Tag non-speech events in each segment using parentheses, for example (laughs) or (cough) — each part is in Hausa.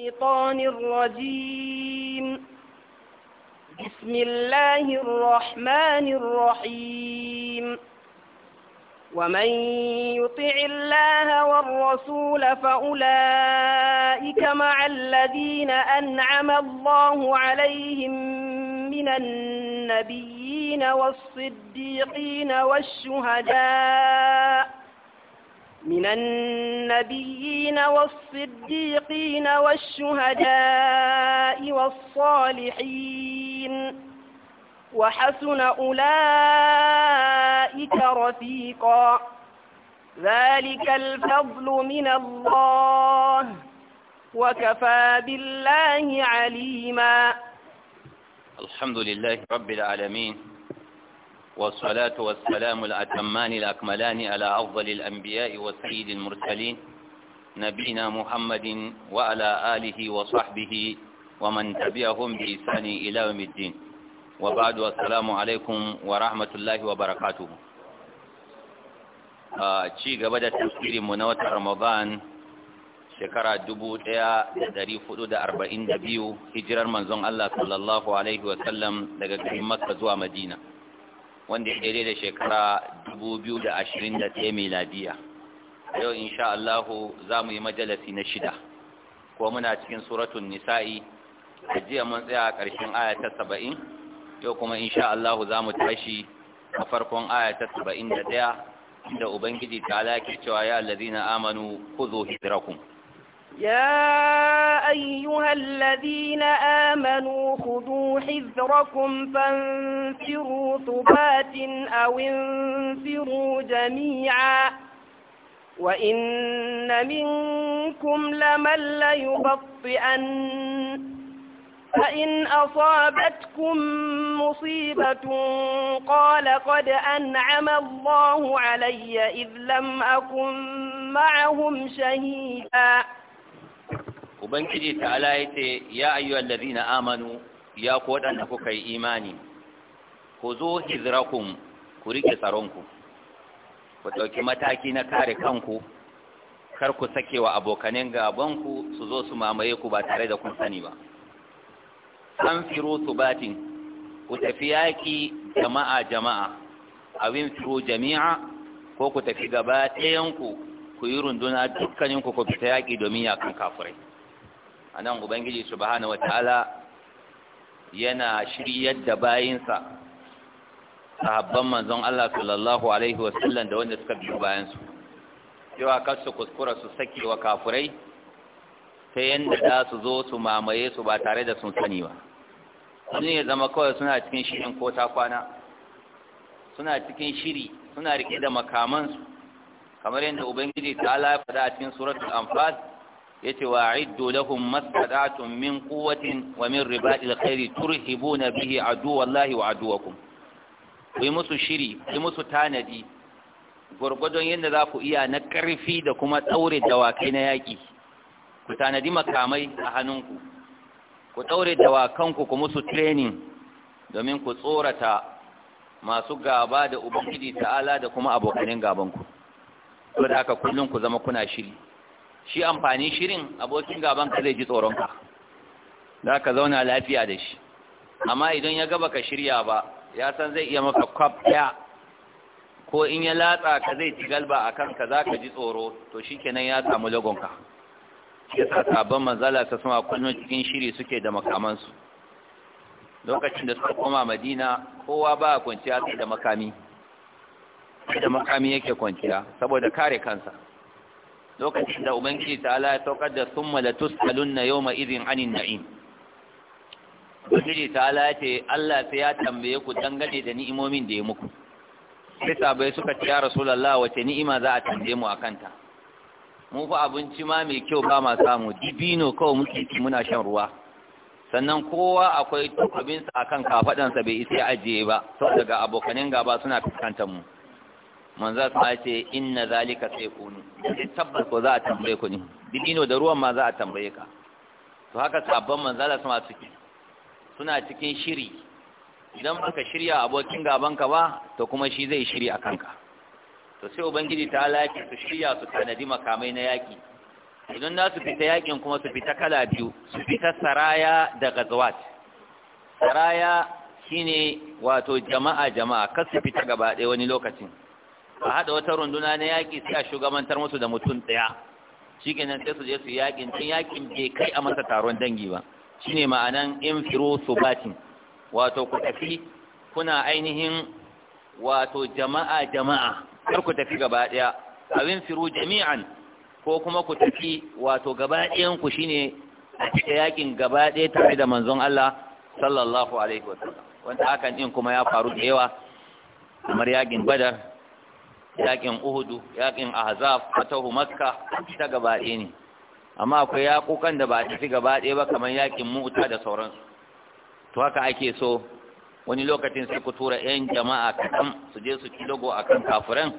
الشيطان الرجيم بسم الله الرحمن الرحيم ومن يطع الله والرسول فأولئك مع الذين أنعم الله عليهم من النبيين والصديقين والشهداء من النبيين والصديقين والشهداء والصالحين وحسن أولئك رفيقا ذلك الفضل من الله وكفى بالله عليما الحمد لله رب العالمين والصلاة والسلام الأتمان الأكملان على أفضل الأنبياء والسيد المرسلين نبينا محمد وعلى آله وصحبه ومن تبعهم بإحسان إلى يوم الدين وبعد والسلام عليكم ورحمة الله وبركاته ci gaba da tafsirin mu na watan Ramadan shekara 1442 hijirar manzon Allah sallallahu alaihi wasallam daga garin Makka zuwa Madina wanda ya daidai da shekara 2021 miladiya yau insha Allah za mu yi majalasi na shida ko muna cikin suratun nisa'i Da jiya mun tsaya a ƙarshen ayata saba'in, yau kuma insha Allah za mu tashi a farkon saba'in da 71 inda ubangiji ta alaƙi cewa ya allazina amanu zo hidrakum يا أيها الذين آمنوا خذوا حذركم فانفروا ثبات أو انفروا جميعا وإن منكم لمن ليبطئن فإن أصابتكم مصيبة قال قد أنعم الله علي إذ لم أكن معهم شهيدا ubangiji ta'ala yace ya ayyuhal ladina amanu ya ku waɗanda kuka yi imani ku zo hijrakum ku rike tsaronku ku ɗauki mataki na kare kanku kar ku sake wa abokanin gabanku su zo su mamaye ku ba tare da kun sani ba San firo tubatin ku tafi yaƙi jama'a jama'a abin firo jami'a ko ku tafi gaba ɗayanku ku yi runduna dukkaninku ku fita yaƙi domin yakan kafirai a nan ubangiji subhanahu wataala yana shiryar da bayinsa sahabban manzon Allah sallallahu alaihi wasallam da wanda suka biyo bayansu cewa kar su kuskura su saki wa kafurai ta yanda za su zo su mamaye su ba tare da sun sani ba wani ya zama kawai suna cikin shirin ko ta kwana suna cikin shiri suna rike da makamansu kamar yadda ubangiji ta ala faɗa a cikin suratul anfal yace wa a'iddu lahum mastata'tum min quwwatin wa min ribatil khairi turhibuna bihi wallahi wa aduwakum ku musu shiri ku yi musu tanadi gwargwadon yadda za ku iya na karfi da kuma daure dawakai na yaki. ku tanadi makamai a hannunku ku daure dawakanku ku musu training domin ku tsorata masu gaba da ubangiji ta'ala da kuma abokanin gabanku da haka kullum ku zama kuna shiri shi amfani shirin abokin gaban ka zai ji tsoronka. ka za ka zauna lafiya da shi amma idan ya gaba ka shirya ba ya san zai iya maka kwaf ɗaya ko in ya latsa ka zai ci galba a kanka za ka ji tsoro to shi kenan ya samu lagonka ya sa sabon manzala ta sama kullum cikin shiri suke da makamansu lokacin da suka koma madina kowa ba a kwanciya sai da makami sai da makami yake kwanciya saboda kare kansa lokacin da ubangiji ala ya saukar da summa na yau yawma izin anin na'im ubangiji ta ya ce Allah sai ya tambaye ku dangane da ni'imomin da ya muku sai sabai suka ci yara wace ni'ima za a tambaye mu a kanta. mu fa abinci ma mai kyau ba ma samu dibino kawai muke ci muna shan ruwa sannan kowa akwai a kan kafaɗansa bai isa ajiye ba sau daga abokanin gaba suna fuskantar mu su sa ce inna zalika sayqunu tabbas ko za a tambaye ku ne dino da ruwan ma za a tambaye ka to haka sabban manzo Allah sama suke suna cikin shiri idan baka shirya abokin gabanka ba to kuma shi zai shiri a kanka to sai ubangiji ta halaki su shirya su tanadi makamai na yaki idan za su fita yakin kuma su fita kala biyu su fita saraya da gazwat saraya shine wato jama'a jama'a kar su fita gaba ɗaya wani lokacin a haɗa wata runduna na yaƙi sai a shugabantar musu da mutum ɗaya shi nan sai su je su yaƙin tun yaƙin bai kai a masa taron dangi ba shine ma'anan infiro subatin wato ku tafi kuna ainihin wato jama'a jama'a kar ku tafi gaba ɗaya a infiro jami'an ko kuma ku tafi wato gaba ɗayan ku shine a cikin yaƙin gaba ɗaya tare da manzon Allah sallallahu alaihi sallam wanda hakan din kuma ya faru da yawa kamar yaƙin badar yakin uhudu yakin ahzab fatahu makka ta gaba ɗaya ne amma akwai yakukan da ba a tafi gaba ɗaya ba kamar yakin mu'ta da sauransu to haka ake so wani lokacin sai ku tura yan jama'a kaɗan su je su ci dogo a kan kafuran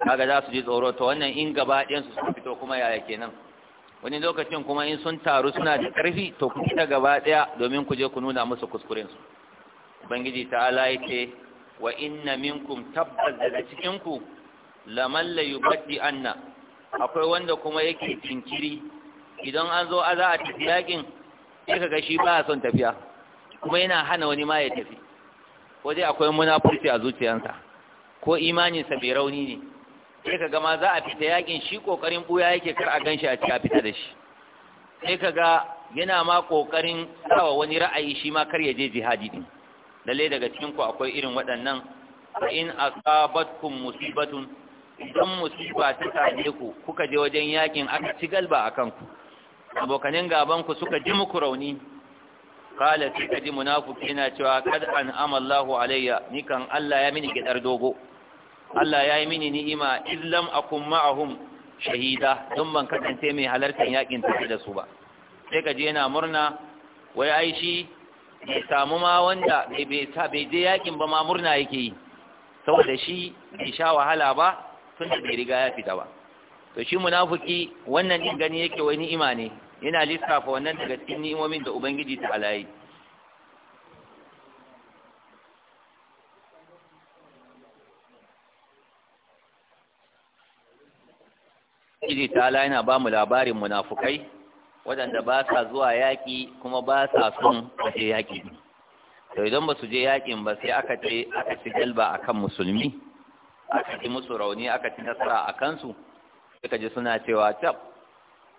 kaga za su ji tsoro to wannan in gaba ɗayan su sun fito kuma yaya kenan wani lokacin kuma in sun taru suna da ƙarfi to ku fita gaba ɗaya domin ku je ku nuna musu kuskurensu ubangiji ta'ala ya ce wa inna minkum tabbas daga cikinku laman la yubaddi anna akwai wanda kuma yake cinkiri idan an zo a za a tafi yakin sai kaga shi ba son tafiya kuma yana hana wani ma ya tafi ko dai akwai munafurci a zuciyarsa ko imaninsa bai rauni ne sai kaga ma za a fita yakin shi kokarin buya yake kar a ganshi a ci a fita da shi sai kaga yana ma kokarin sawa wani ra'ayi shi ma kar ya je jihadi din lalle daga cikin ku akwai irin waɗannan in asabatkum musibatun idan musiba ta same ku kuka je wajen yakin aka ci galba a kanku abokanin gabanku suka ji muku rauni kala sai ka ji yana cewa kad an amallahu alayya ni kan Allah ya mini gidar dogo Allah ya yi mini ni'ima illam akum ma'ahum shahida don ban kasance mai halartar yakin tafi da su ba sai ka je yana murna wai ai shi bai samu ma wanda bai je yakin ba ma murna yake yi saboda shi bai sha wahala ba tun da bai riga ya fita ba to shi munafiki wannan din gani yake wai imani yana lissafa wannan daga cikin ni'imomin da ubangiji ta alayi Ubangiji ta ala yana ba mu labarin munafukai waɗanda ba sa zuwa yaƙi kuma ba sa son je yaƙi. To idan ba su je yaƙin ba sai aka ce aka ci galba akan musulmi aka ji musu rauni aka ci nasara a kansu suka ji suna cewa tab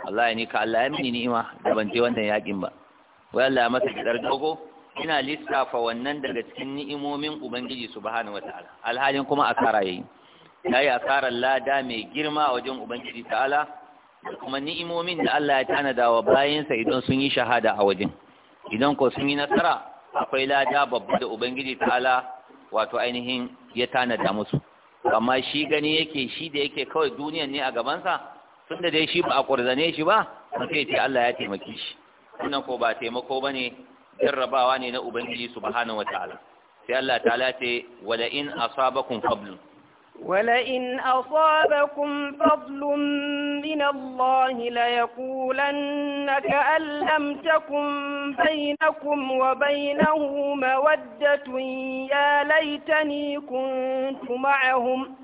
wallahi ni ka Allah ya mini ni'ima da ban je wannan yakin ba wai Allah ya masa kidar dogo ina lissafa wannan daga cikin ni'imomin ubangiji subhanahu wataala alhalin kuma asara yayi yayi asarar lada mai girma a wajen ubangiji ta'ala kuma ni'imomin da Allah ya tanada wa bayansa idan sun yi shahada a wajen idan ko sun yi nasara akwai lada babba da ubangiji ta'ala wato ainihin ya tanada musu amma shi gani yake shi da yake kawai duniyan ne a gabansa tun da dai shi ba a ƙurzane shi ba sai ce Allah ya taimaki shi wannan ko ba taimako ba ne jarrabawa ne na ubangiji subhanahu wataala sai Allah ta'ala ce wala in asabakum fablun ولئن أصابكم فضل من الله ليقولن كأن لم تكن بينكم وبينه مودة يا ليتني كنت معهم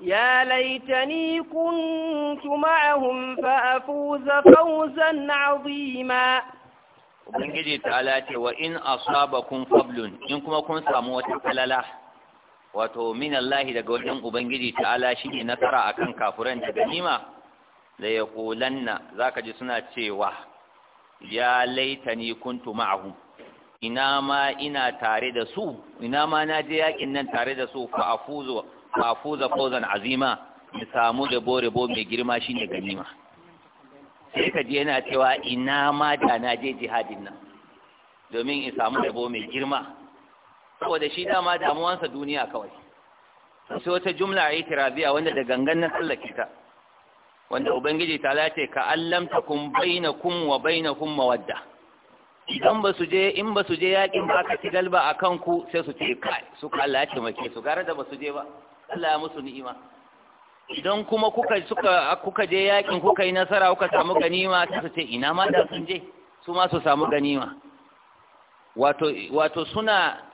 يا ليتني كنت معهم فأفوز فوزا عظيما وإن أصابكم فضل إنكم in asabakum fablun wato minallahi daga wajen ubangiji ta'ala ne nasara akan kafuran da ganima da ya kulanna, za ka ji suna cewa ya laita ni kuntu ma'ahum ina ma ina tare da su ina ma na je yakin nan tare da su fa afuzu azima in samu da bore bo mai girma shi ne ganima sai ka ji yana cewa ina ma da na je jihadin nan domin in samu da bo mai girma saboda shi dama damuwansa duniya kawai sai wata jumla a yi tirabiya wanda da gangan na tsallake ta wanda ubangiji ta lace ka allamta kun baina kun wa baina kun mawadda idan ba su je in ba su je yakin ba ka ci galba a kanku sai su ce kai su ka Allah ya taimake su gara da ba su je ba Allah ya musu ni'ima idan kuma kuka suka kuka je yakin kuka yi nasara kuka samu ganima sai su ce ina ma da sun je su ma su samu ganima wato wato suna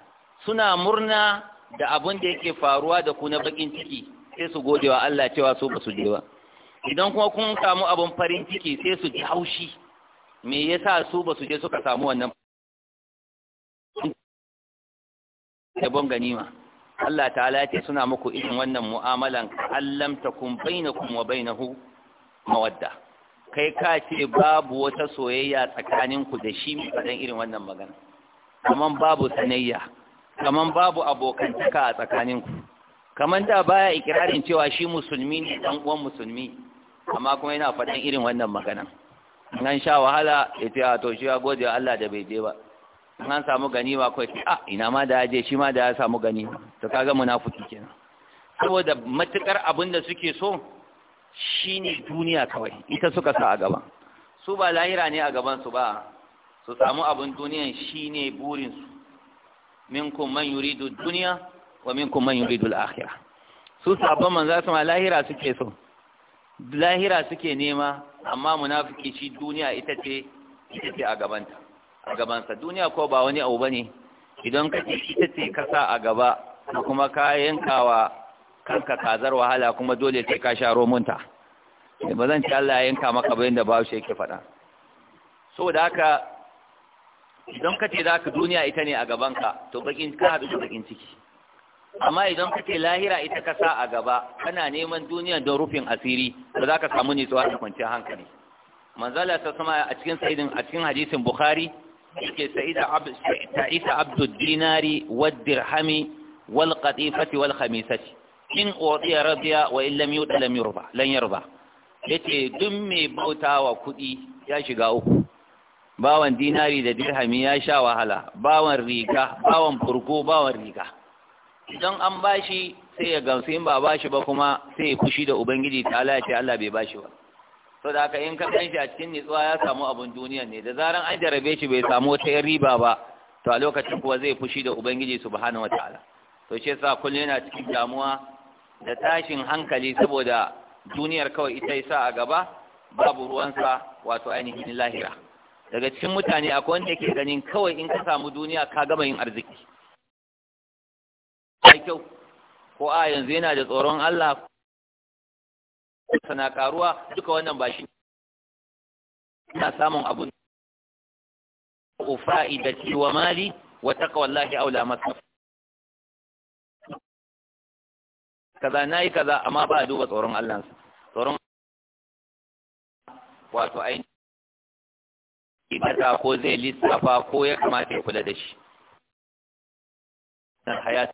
suna murna da abin da yake faruwa da ku na bakin ciki sai su gode wa Allah cewa so ba su je ba idan kuma kun samu abin farin ciki sai su ji haushi me yasa su ba su je suka samu wannan bon ganima Allah ta'ala ya ce suna muku irin wannan mu'amalan allam takum bainakum wa bainahu mawadda kai ka ce babu wata soyayya tsakaninku da shi kadan irin wannan magana amma babu sanayya kaman babu abokantaka a tsakaninku kaman da baya ikirarin cewa shi musulmi ne dan uwan musulmi amma kuma yana faɗan irin wannan magana an sha wahala ya ce a shi ya gode Allah da bai je ba an samu gani ba kawai a ina ma da ya je shi ma da ya samu gani to kaga munafiki kenan saboda matukar abin da suke so shine duniya kawai ita suka sa a gaba su ba lahira ne a gaban su ba su samu abin duniyan shine burin su minkum man yuridu duniya, wa minkum man yuridu al-akhirah su sabban su ma lahira suke so lahira suke nema amma munafiki shi duniya ita ce ita ce a gabanta a gabansa duniya ko ba wani abu ba ne? idan ka ce ita ce ka sa a gaba kuma ka yankawa kanka kazar wahala kuma dole sai ka sha romunta ba zan ci Allah ya yanka maka bayan da ba shi yake faɗa saboda haka idan ka ce za ka duniya ita ne a gabanka to bakin ka haɗu da bakin ciki amma idan ka ce lahira ita ka sa a gaba kana neman duniya don rufin asiri ba za ka samu tsawon da kwanciyar hankali manzala ta sama a cikin sa'idin a cikin hadisin bukhari yake sa'ida ta'isa abdu dinari wad dirhami wal qatifati wal khamisati in udiya rabiya wa in lam yuta lam yurba lan yarba yace duk mai bautawa kuɗi ya shiga uku bawan dinari da dirhami ya sha wahala bawan riga bawan furko bawan riga idan an bashi sai ya gamsu in ba bashi ba kuma sai ya fushi da ubangiji ta ya ce Allah bai bashi ba to da aka in ka shi a cikin nitsuwa ya samu abun duniya ne da zaran an jarabe shi bai samu wata yan riba ba to a lokacin kuwa zai fushi da ubangiji subhanahu wataala to shi yasa kullum yana cikin damuwa da tashin hankali saboda duniyar kawai ita yasa a gaba babu ruwansa wato ainihin lahira daga cikin mutane akwai wanda yake ganin kawai in ka samu duniya ka gama yin arziki ai kyau ko a yanzu yana da tsoron Allah sana karuwa duka wannan ba shi ina samun abu ufa'idati wa mali wa taqwallahi aula masaf kaza nayi kaza amma ba duba tsoron Allah tsoron wato ainihin ibada ko zai lissafa ko ya kamata ya kula da shi nan hayat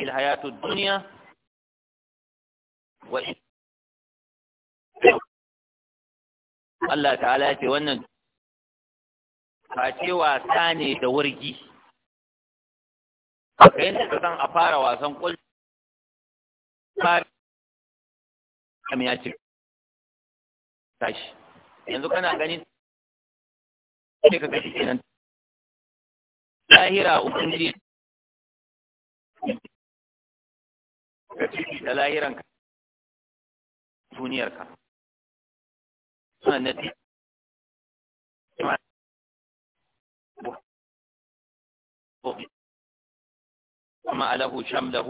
الحياة الدنيا وإن Allah ta'ala ce wannan face wasa ne da wurgi haka yadda ka san a fara wasan kwallo kam ya ce tashi yanzu kana gani ne ka gashi kenan lahira ubangiji ka ciki da lahiran ka duniyar ka suna na Oh. جمع له شمله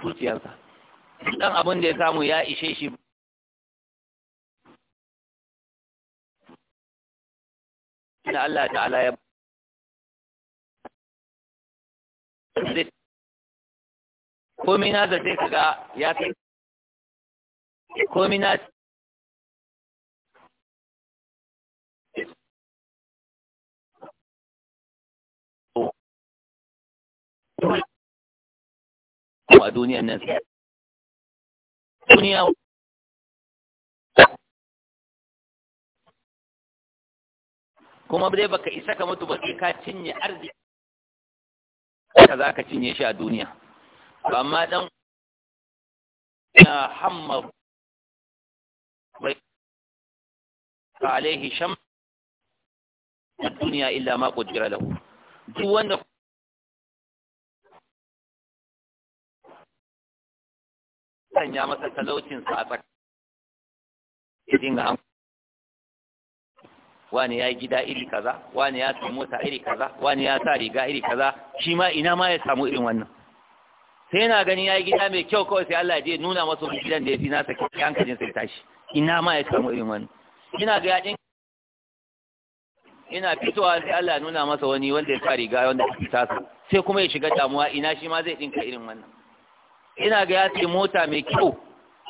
zuciyarsa dan abin da ya samu ya ishe shi da Allah ta'ala ya komai da sai kaga ya kai komai kuma a duniyan nan duniya kuma dai baka isa ka mutu ba sai ka cinye arziki ka za ka cinye shi a duniya ba ma dan na hamma ba alaihi sham a duniya illa ma kujira lahu duk wanda sanya masa talaucinsa a tsaka ya dinga an wani ya yi gida iri kaza wani ya samu mota iri kaza wani ya sa riga iri kaza shi ma ina ma ya samu irin wannan sai yana gani ya yi gida mai kyau kawai sai Allah ya nuna masa wani gidan da ya fi nasa hankalin sai tashi ina ma ya samu irin wannan ina ga yadin ina fitowa sai Allah ya nuna masa wani wanda ya sa riga wanda ya fi tasa sai kuma ya shiga damuwa ina shi ma zai dinka irin wannan ina ga ya ce mota mai kyau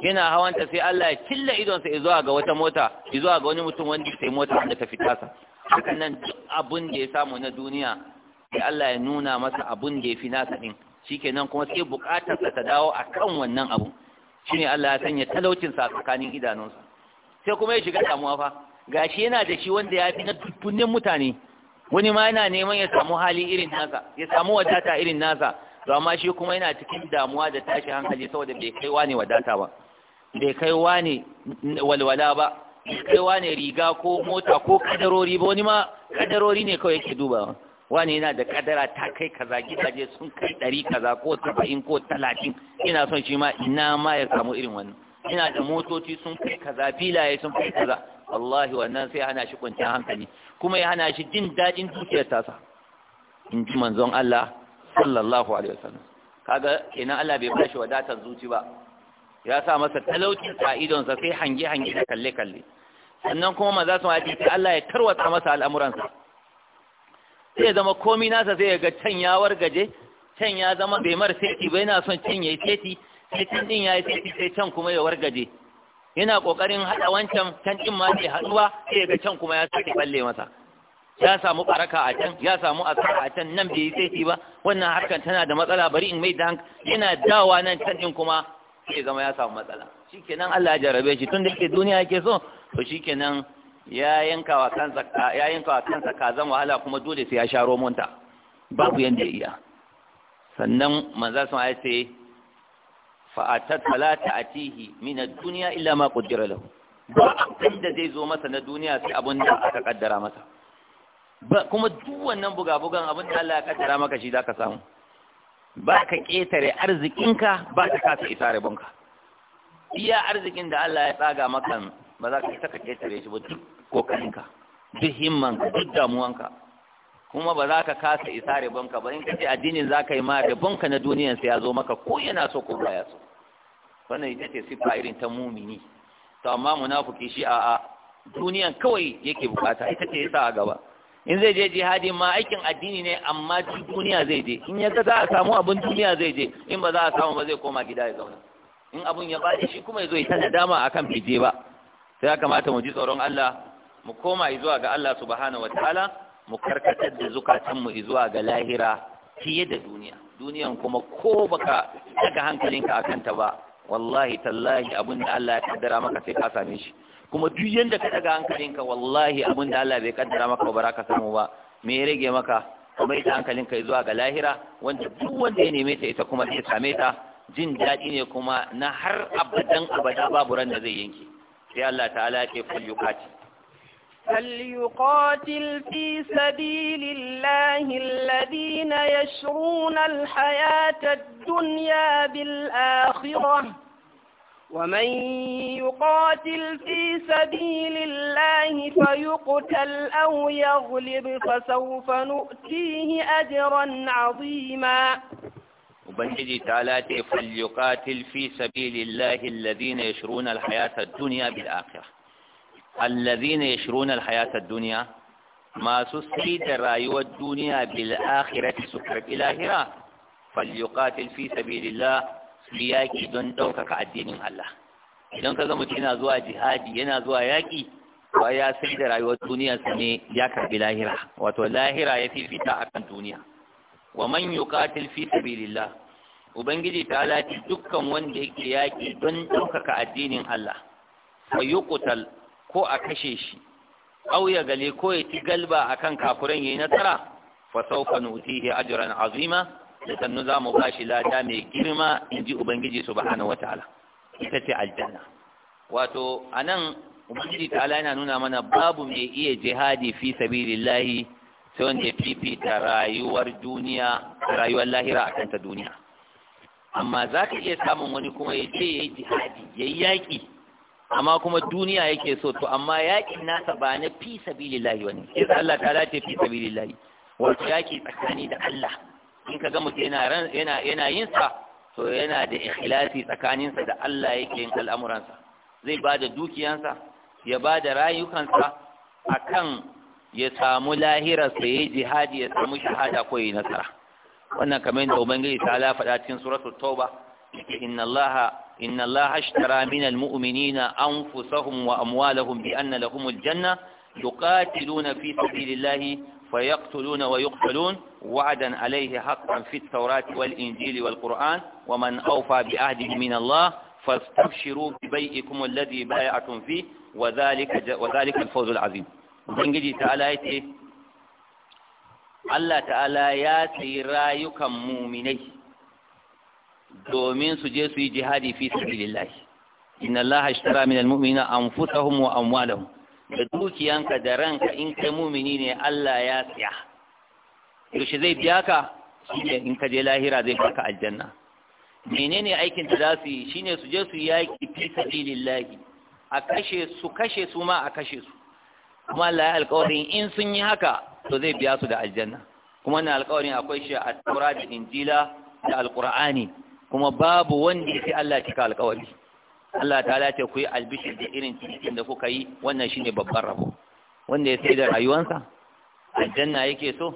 yana hawanta sai Allah ya killa idonsa ya zuwa ga wata mota ya zuwa ga wani mutum wanda sai mota wanda ta fita sa hakan nan duk abun da ya samu na duniya sai Allah ya nuna masa abun da ya fi nasa din shikenan kuma sai sa ta dawo akan wannan abu. shine Allah ya sanya talaucin sa tsakanin idanunsa sai kuma ya shiga damuwa fa gashi yana da shi wanda ya fi na dubbunin mutane wani ma yana neman ya samu hali irin nasa ya samu wadata irin nasa to amma shi kuma yana cikin damuwa da tashi hankali saboda bai kai wani wadata ba bai kai wani walwala ba bai kai wani riga ko mota ko kadarori ba wani ma kadarori ne kawai yake duba wani yana da kadara ta kai kaza gidaje sun kai ɗari kaza ko saba'in ko talatin ina son shi ma ina ma ya samu irin wannan ina da motoci sun kai kaza filaye sun kai kaza wallahi wannan sai hana shi kwanciyar hankali kuma ya hana shi jin daɗin dukiyar tasa in ji manzon Allah sallallahu alaihi wasallam kaga ina Allah bai bashi wadatar zuci ba ya sa masa talauci a idonsa sai hange hange da kalle kalle sannan kuma maza su haɗi sai Allah ya tarwata masa al'amuransa sai ya zama komi nasa sai ya ga can ya wargaje can ya zama bai mar seti ba yana son can ya yi seti sai can din ya yi seti sai can kuma ya wargaje yana ƙoƙarin haɗa wancan can ɗin ma sai haɗuwa sai ya ga can kuma ya sake balle masa ya samu baraka a can ya samu asara a can nan bai yi saiti ba wannan harkar tana da matsala bari in mai da yana dawa nan can din kuma sai zama ya samu matsala shikenan Allah ya jarabe shi tun da yake duniya yake so to shikenan ya yanka wa kansa ya yanka wa kansa kazan wahala kuma dole sai ya sharo monta babu yanda iya sannan manzo sun ya sai fa atat fala ta'tihi min ad-dunya illa ma qaddara lahu ba abin da zai zo masa na duniya sai abin da aka kaddara masa kuma duk wannan buga-bugan abin da Allah ya kaddara maka shi ka samu ba ka ƙetare arzikinka ba ka kasa isa banka. iya arzikin da Allah ya tsaga maka ba za ka saka ƙetare shi ba duk kokarinka duk himmanka duk damuwanka kuma ba za ka kasa isa banka ba in ka ce addinin za ka yi ma banka na duniyan sai ya zo maka ko yana so ko baya so wannan ita ce sifa irin ta mumini to amma munafiki shi a'a duniyan kawai yake bukata ita ce yasa a gaba in zai je jihadi ma aikin addini ne amma duniya zai je in yadda za a samu abin duniya zai je in ba za a samu ba zai koma gida ya zauna in abun ya bada shi kuma ya zo ta nadama dama akan fije ba sai ya kamata mu ji tsoron Allah mu koma zuwa ga Allah subhanahu wataala mu karkatar da zukatan mu zuwa ga lahira fiye da duniya duniyan kuma ko baka daga hankalinka akan ta ba wallahi tallahi abin da Allah ya kaddara maka sai ka same shi kuma duk yanda ka daga hankalinka wallahi abin da Allah bai kaddara maka ba baraka samu ba me ya rage maka ka bai da hankalinka zuwa ga lahira wanda duk wanda ya neme ta ita kuma zai same ta jin daɗi ne kuma na har abadan abada babu ran da zai yanke sai Allah ta'ala ya ce falyukati فليقاتل في سبيل الله الذين يشرون الحياة bil بالآخرة ومن يقاتل في سبيل الله فيقتل أو يغلب فسوف نؤتيه أجرا عظيما وبنجي تعالى فليقاتل في سبيل الله الذين يشرون الحياة الدنيا بالآخرة الذين يشرون الحياة الدنيا ما سسيت الرأي والدنيا بالآخرة سكرة الآخرة فليقاتل في سبيل الله su don ɗaukaka addinin Allah idan ka zama yana zuwa jihadi yana zuwa yaƙi wa ya sai da rayuwar su ne ya karbi lahira wato lahira ya fifita a kan duniya wa man yuqatil fi sabilillah ubangiji ta lati dukkan wanda yake yaƙi don ɗaukaka addinin Allah fa yuqtal ko a kashe shi aw ya gale ko ya ci galba akan kafuran yayi nasara fa sawfa nutihi ajran azima da sannu za mu bashi lada mai girma in ji ubangiji subhanahu wataala ita ce aljanna wato a nan, ubangiji ta'ala yana nuna mana babu mai iya jihadi fi sabilillahi sai wanda ya fifita rayuwar duniya rayuwar lahira a ta duniya amma za ka iya samun wani kuma ya ce ya yi jihadi ya yi yaƙi amma kuma duniya yake so to amma yaƙin nasa ba na fi sabilillahi wani sai Allah ta ce fi sabilillahi wato yaƙi tsakani da Allah in ka ga mutum yana yana yana yin sa to yana da ikhlasi tsakaninsa da Allah yake yin al'amuransa zai ba da dukiyansa ya ba da rayukansa akan ya samu lahirarsa ya yi jihadi ya samu shahada ko yi nasara wannan kamar yadda ubangiji ta ala faɗa cikin suratul tauba inna allaha inna allaha ashtara min almu'minina anfusahum wa amwalahum bi anna lahumul janna yuqatiluna fi sabilillahi فيقتلون ويقتلون وعدا عليه حقا في التوراة والإنجيل والقرآن ومن أوفى بعهده من الله فاستبشروا ببيئكم الذي بايعتم فيه وذلك وذلك الفوز العظيم ubangiji ta'ala ya ce Allah ta'ala ya sayi rayukan muminai domin su je suyi jihadi fi sabilillahi. inna Allah ashtara anfusahum wa amwalahum da dukiyanka da ranka in kai mumini ne Allah ya siya yaushe zai biya ka in ka je lahira zai baka aljanna menene aikin da za su yi shine su je su yaki fi sabilillahi a kashe su kashe su ma a kashe su kuma Allah ya alƙawarin in sun yi haka to zai biya su da aljanna kuma na alƙawarin akwai shi a Taurat da Injila da Alƙur'ani kuma babu wanda ya fi Allah cika alƙawari Allah ta lace ku yi albishir da irin cikin da kuka yi wannan shi ne babban rabo wanda ya sai da rayuwansa aljanna yake so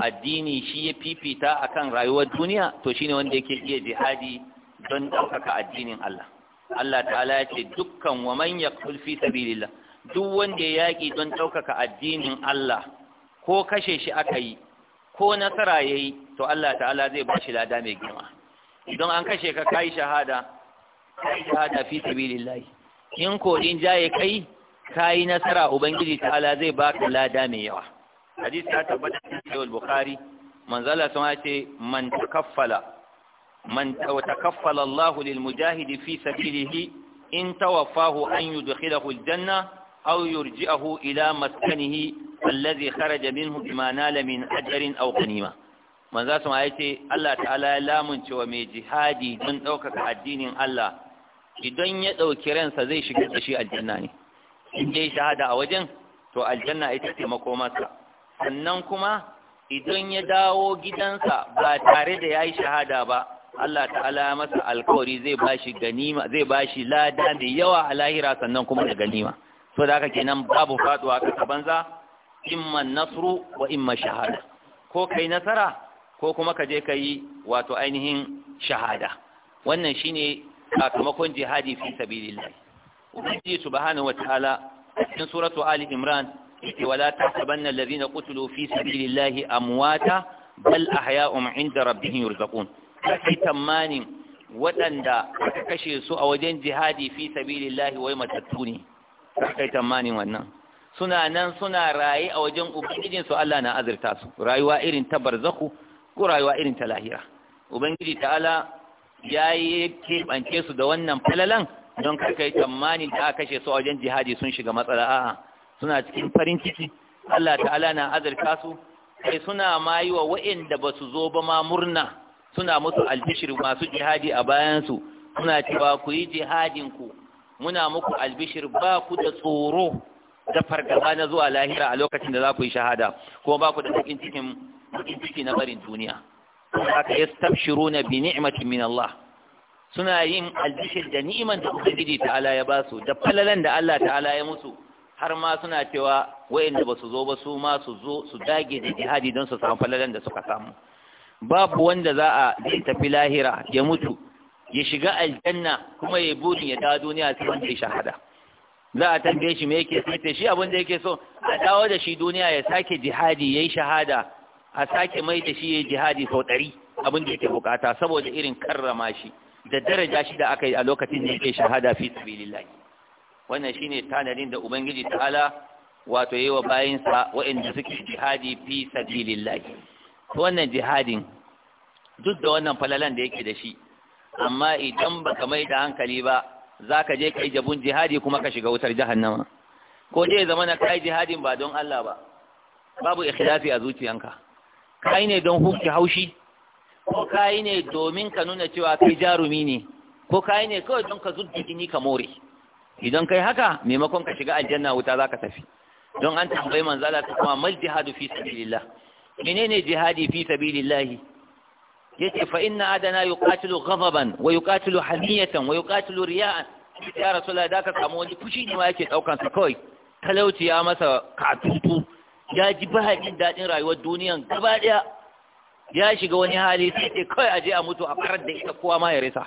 addini shi ya fifita a kan rayuwar duniya to shi ne wanda yake iya jihadi don ɗaukaka addinin Allah Allah ta'ala ya dukkan wa manya kulfi duk wanda ya yaki don ɗaukaka addinin Allah ko kashe shi aka yi ko nasara ya yi, to Allah ta'ala zai ba shi lada mai girma idan an kashe ka kai shahada Ka shahada fi sabilillah in ko din jaye kai kai nasara ubangiji ta'ala zai baka lada mai yawa hadisi ya tabbata cikin sahih bukhari manzo Allah sama ce man takaffala man takaffala Allah lil mujahidi fi sabilihi in tawaffahu an yudkhilahu aljanna aw yurji'ahu ila maskanihi alladhi kharaja minhu bima nala min ajrin aw ghanima manzo sama ce Allah ta'ala ya lamunce wa mai jihadi don ɗaukaka addinin Allah idan ya ɗauki ransa zai shiga da shi aljanna ne in ya shahada a wajen to aljanna ita ce makomarsa sannan kuma idan ya dawo gidansa ba tare da ya yi shahada ba Allah ta'ala masa alkawari zai bashi ganima zai shi lada da yawa a lahira sannan kuma da ganima so da haka kenan babu faduwa ka banza imma nasru wa imma shahada ko kai nasara ko kuma ka je ka yi wato ainihin shahada wannan shine sakamakon jihadi fi sabilillah ubangiji subhanahu wataala cikin suratu ali imran yake wala tahsabanna alladhina qutilu fi sabilillahi amwata bal ahya'un 'inda rabbihim yurzaqun kai tamanin waɗanda aka kashe su a wajen jihadi fi sabilillahi wai matattu ne kai tamanin wannan suna nan suna raye a wajen ubangijin su Allah na azurta su rayuwa irin ta barzaku ko rayuwa irin ta lahira ubangiji ta'ala ya yi keɓance su da wannan falalan don karka yi tsammanin da aka kashe su a wajen jihadi sun shiga matsala a'a suna cikin farin ciki Allah ta'ala na azurka su sai suna ma yi wa wa'inda ba su zo ba ma murna suna musu albishir masu jihadi a bayansu suna cewa ku yi jihadin ku muna muku albishir ba ku da tsoro da fargaba na zuwa lahira a lokacin da za ku yi shahada kuma ba ku da cikin cikin na barin duniya haka na bi ni'matin min Allah suna yin albishir da ni'iman da Ubangiji ta'ala ya ba su da falalan da Allah ta'ala ya musu har ma suna cewa wayanda ba su zo ba su ma su zo su dage da jihadi don su samu falalan da suka samu babu wanda za a tafi lahira ya mutu ya shiga aljanna kuma ya burin ya dawo duniya sai wanda ya shahada za a tambaye shi me yake sai shi abin da yake so a dawo da shi duniya ya sake jihadi yayi shahada a sake mai da shi ya jihadi sau ɗari abin da yake bukata saboda irin karrama shi da daraja shi da aka yi a lokacin da yake shahada fi sabilillahi wannan shine tanadin da ubangiji ta'ala wato yayi wa bayinsa waɗanda suke jihadi fi sabilillahi wannan jihadin duk da wannan falalan da yake da shi amma idan baka mai da hankali ba zaka je kai jabun jihadi kuma ka shiga wutar jahannama ko zama na kai jihadin ba don Allah ba babu ikhlasi a zuciyanka kayi ne don hukunci haushi ko kayi ne domin ka nuna cewa kai jarumi ne ko kayi ne kawai don ka zuddi jini ka more idan kai haka maimakon ka shiga aljanna wuta za ka tafi don an tambayi manzala ta kuma mal jihadu fi sabilillah menene jihadi fi sabilillah ce fa inna adana yuqatilu ghadaban wa yuqatilu hamiyatan wa yuqatilu riya'an ya rasu da ka samu wani fushi ne ma yake daukan kawai talauci ya masa katutu ya ji ba haɗin daɗin rayuwar duniyan gaba ɗaya ya shiga wani hali sai ce kawai aje a mutu a farar da ita kowa ma ya rasa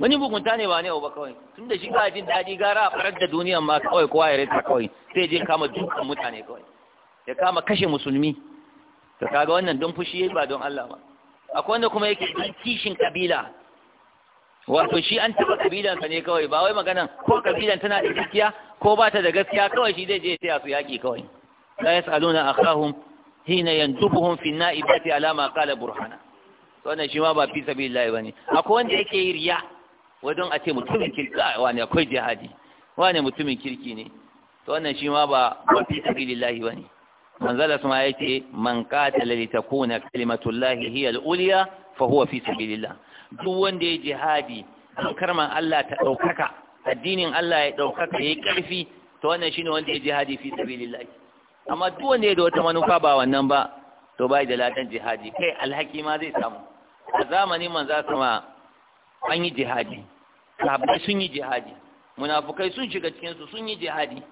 wani bukunta ne ba ne ba kawai tun da shi ba jin daɗi gara a farar da duniyan ma kawai kowa ya rasa kawai sai je kama dukkan mutane kawai ya kama kashe musulmi to kaga wannan don fushi ba don Allah ba akwai wanda kuma yake don kishin kabila wato shi an taɓa sa ne kawai ba wai maganan ko kabilan tana da gaskiya ko ba ta da gaskiya kawai shi zai je ya taya su yaƙi kawai la yas'aluna akhahum hina yandubuhum fi na'ibati ala ma qala burhana wannan shi ma ba fi sabilillahi bane akwai wanda yake yi riya wajen a ce mutumin kirki wani akwai jihadi wani mutumin kirki ne to wannan shi ma ba ba fi sabilillahi bane manzala sama yace man qatala li takuna kalimatullahi hiya al-ulya fa huwa fi sabilillah duk wanda ya jihadi karman Allah ta daukaka addinin Allah ya daukaka yayi karfi to wannan wanda ya jihadi fi amma duk wanda ya da wata manufa ba wannan ba to bai da latan jihadi kai alhaki ma zai samu a zamanin man za su ma an yi jihadi sabai sun yi jihadi munafukai sun shiga cikin su sun yi jihadi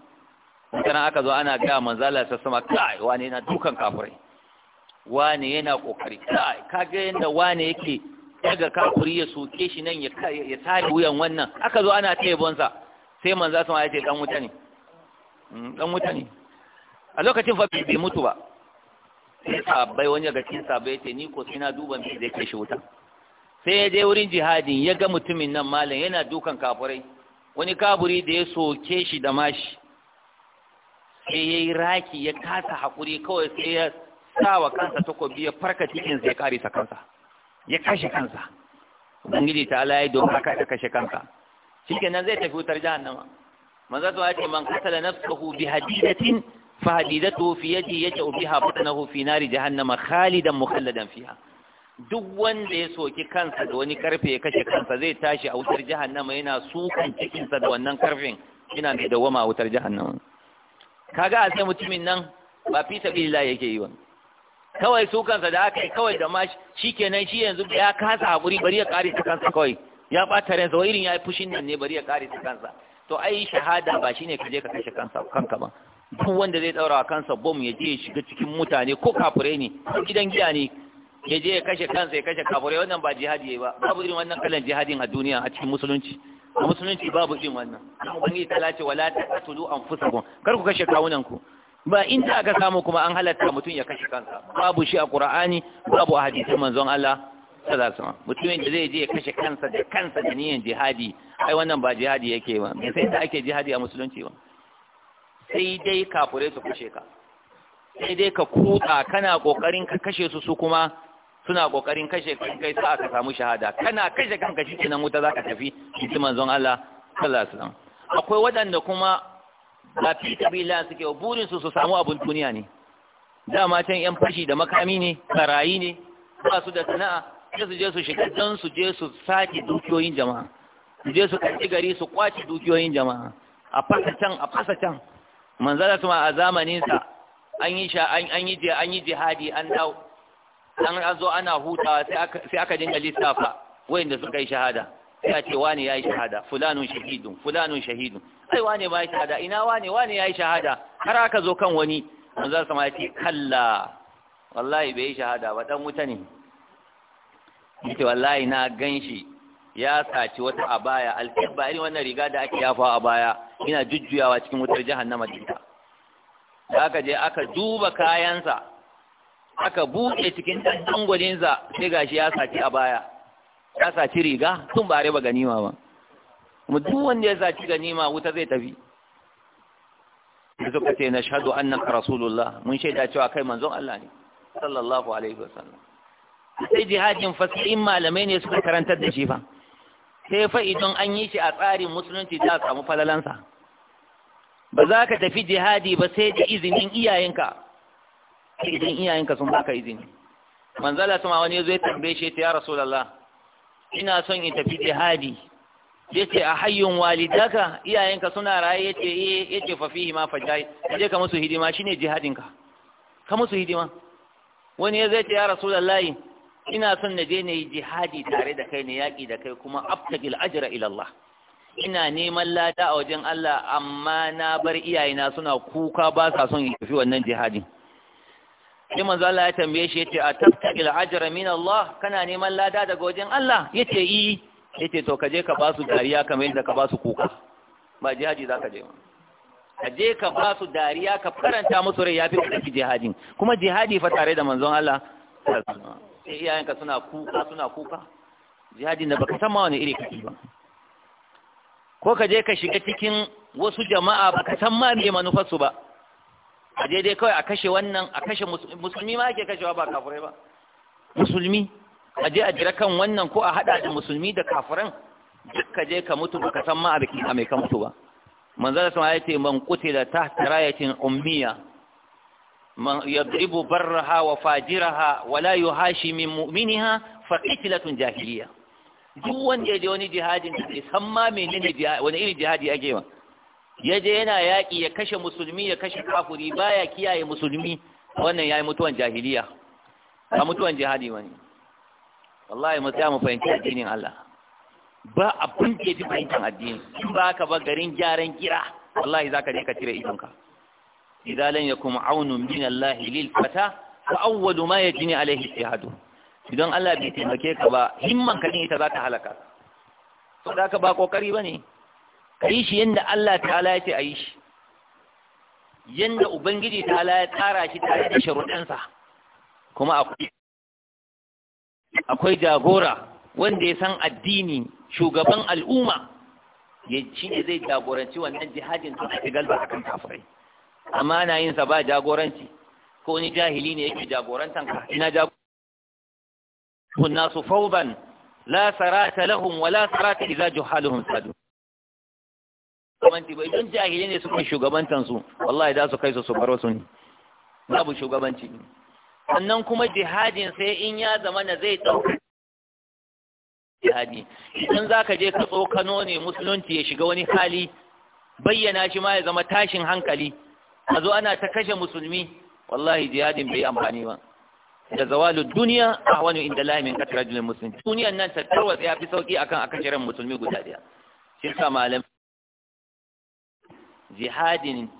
sannan aka zo ana ga manzala ta sama kai wane yana dukan kafirai wane yana kokari kai kage yanda wane yake daga kafiri ya soke shi nan ya ya tare wuyan wannan aka zo ana taya bonsa sai manzo sama ya ce dan wuta ne hmm, dan wuta ne a lokacin fa bai mutu ba sai sabai wani daga cikin sabai ce ni ko sina na duba mai zai kai shi wuta sai ya je wurin jihadin ya ga mutumin nan malam yana dukan kafurai wani kaburi da ya soke shi da mashi sai ya yi raki ya kasa haƙuri kawai sai ya sa wa kansa takobi ya farka cikin zai sa kansa ya kashe kansa ubangiji ta ala ya don haka ya kashe kansa shi kenan zai tafi wutar jahannama manzatu ta ce man kasala nafsahu bi hadidatin فهديدته في يدي يجأ na بطنه في نار jahannama, Khalidan مخلدا فيها duk wanda ya soki kansa da wani karfe ya kashe kansa zai tashi a wutar jahannama yana sukan cikinsa da wannan karfin yana mai dawama a wutar jahannama kaga a sai mutumin nan ba fi sabilillah yake yi ba kawai sukansa da aka yi kawai da ma shikenan shi yanzu ya kasa hakuri bari ya kare ta kansa kawai ya bata ransa wai irin ya yi fushin nan ne bari ya kare ta kansa to ai shahada ba shine kaje ka kashe kansa kanka ba duk wanda zai daura kansa bom ya je ya shiga cikin mutane ko kafure ne ko gidan giya ne ya je ya kashe kansa ya kashe kafure wannan ba jihadi ba babu irin wannan kalan jihadin a duniya a cikin musulunci a musulunci babu irin wannan ubangiji ta tulu wala taqtulu anfusakum kar ku kashe kawunan ku ba ta aka samu kuma an halatta mutum ya kashe kansa babu shi a qur'ani babu a hadisin manzon Allah sallallahu alaihi wasallam mutumin da zai je ya kashe kansa da kansa da niyyar jihadi ai wannan ba jihadi yake ba sai da ake jihadi a musulunci ba sai dai kafure su kashe ka sai dai ka kuta kana ƙoƙarin ka kashe su su kuma suna ƙoƙarin kashe kan kai sa aka samu shahada kana kashe kanka shi kenan wuta za ka tafi shi manzon Allah sallallahu alaihi wasallam akwai waɗanda kuma ba fi kabila suke burin su su samu abun duniya ne dama can yan fashi da makami ne karayi ne ba su da sana'a sai su je su shiga don su je su saki dukiyoyin jama'a su je su karɓi gari su kwaci dukiyoyin jama'a a fasa can a fasa can manzala kuma a zamaninsa an yi sha an yi an yi jihadi an dawo an zo ana hutawa sai aka sai aka dinga lissafa wayanda suka yi shahada sai a ce wani yayi shahada fulanun shahidun fulanun shahidun ai wani ma yayi shahada ina wani wani yayi shahada har aka zo kan wani manzala kuma ya ce kalla wallahi bai yi shahada ba dan wuta ne yace wallahi na ganshi ya saci wata abaya alfiyar ba irin wannan riga da ake yafa a baya ina jujjuyawa cikin wutar jahannama dinta da aka je aka duba kayansa aka buɗe cikin ɗan gwajinsa, sai gashi ya saci a baya ya saci riga tun ba ba ganima ba mutum wanda ya saci ganima wuta zai tafi da suka ce na shahadu annaka rasulullah mun shaida cewa kai manzon Allah ne sallallahu alaihi wasallam sai jihadin fasihin malamai ne suka karantar da shi fa sai fa idan an yi shi a tsarin musulunci za a samu falalansa ba za ka tafi jihadi ba sai da izinin iyayenka idan iyayenka sun baka izini manzala sama wani zai tambaye shi ta ya rasulullah ina son in tafi jihadi yace a hayyun walidaka iyayenka suna raye yace eh yace fa fihi ma fajai je ka musu hidima shine jihadinka ka musu hidima wani ya zai ce ya rasulullahi ina son na je na yi jihadi tare da kai na yaƙi da kai kuma abtagil ajira ilallah ina neman lada a wajen Allah amma na bar iyayena suna kuka ba sa son yi tafi wannan jihadin sai manzo Allah ya tambaye shi yace tabtagil ajra min Allah kana neman lada daga wajen Allah yace yi e. yace to kaje ka ba su dariya kamar yadda ka ba su kuka ba jihadi zaka je ma kaje ka ba su dariya ka faranta musu rai yafi da jihadin kuma jihadi fa tare da manzon Allah sallallahu alaihi wasallam sai iyayenka suna kuka suna kuka jihadin da baka san ma wani iri kake ba ko ka je ka shiga cikin wasu jama'a baka san ma me su ba a je dai kawai a kashe wannan a kashe musulmi ma ake kashewa ba kafirai ba musulmi a je a jira kan wannan ko a hada da musulmi da kafiran duk ka je ka mutu baka san ma a biki a mai ka mutu ba manzara sama ya ce man qutila tahta rayatin ummiya yadribu barraha wa fajiraha wa la yuhashi min mu'miniha fa qitlatun jahiliya duk wanda je wani da bai san ma menene wani irin jihadi ake ba yana yaƙi ya kashe musulmi ya kashe kafuri baya kiyaye musulmi wannan yayi mutuwan jahiliya ba mutuwan jihadi wani wallahi mu tsaya mu addinin Allah ba abin da ya ji fahimtar addini ba ka ba garin gyaran gira wallahi zaka je ka cire idonka إذا لن يكون aunun من الله lil fata fa يجني ma yajni alaihi الله idan Allah bai taimake ka ba himman ka قريبا كيش za ta تعالى يتعيش ka ba kokari bane kai shi yanda Allah shi ubangiji ta ya tsara shi tare da sharuɗansa kuma akwai jagora wanda ya san addini shugaban al'umma ya ci zai jagoranci wannan jihadin tun a akan kafirai amma ana yin sa ba jagoranci ko ni jahili ne yake jagorantan ka ina jagoranci kun nasu fauban la sarata lahum wa la sarata idza juhaluhum sadu ti bai don jahili ne suka shugabantan su wallahi da su kai su su baro su ne babu shugabanci sannan kuma jihadin sai in ya zama na zai dauka jihadi idan zaka je ka tsokano ne musulunci ya shiga wani hali bayyana shi ma ya zama tashin hankali a zo ana ta kashe musulmi wallahi jihadin bai amfani ba da zawalu duniya a wani inda lamin min katara jirgin musulmi duniyan nan ta tarwatsa ya fi sauki akan a kashe ran musulmi guda daya shi sa malam jihadin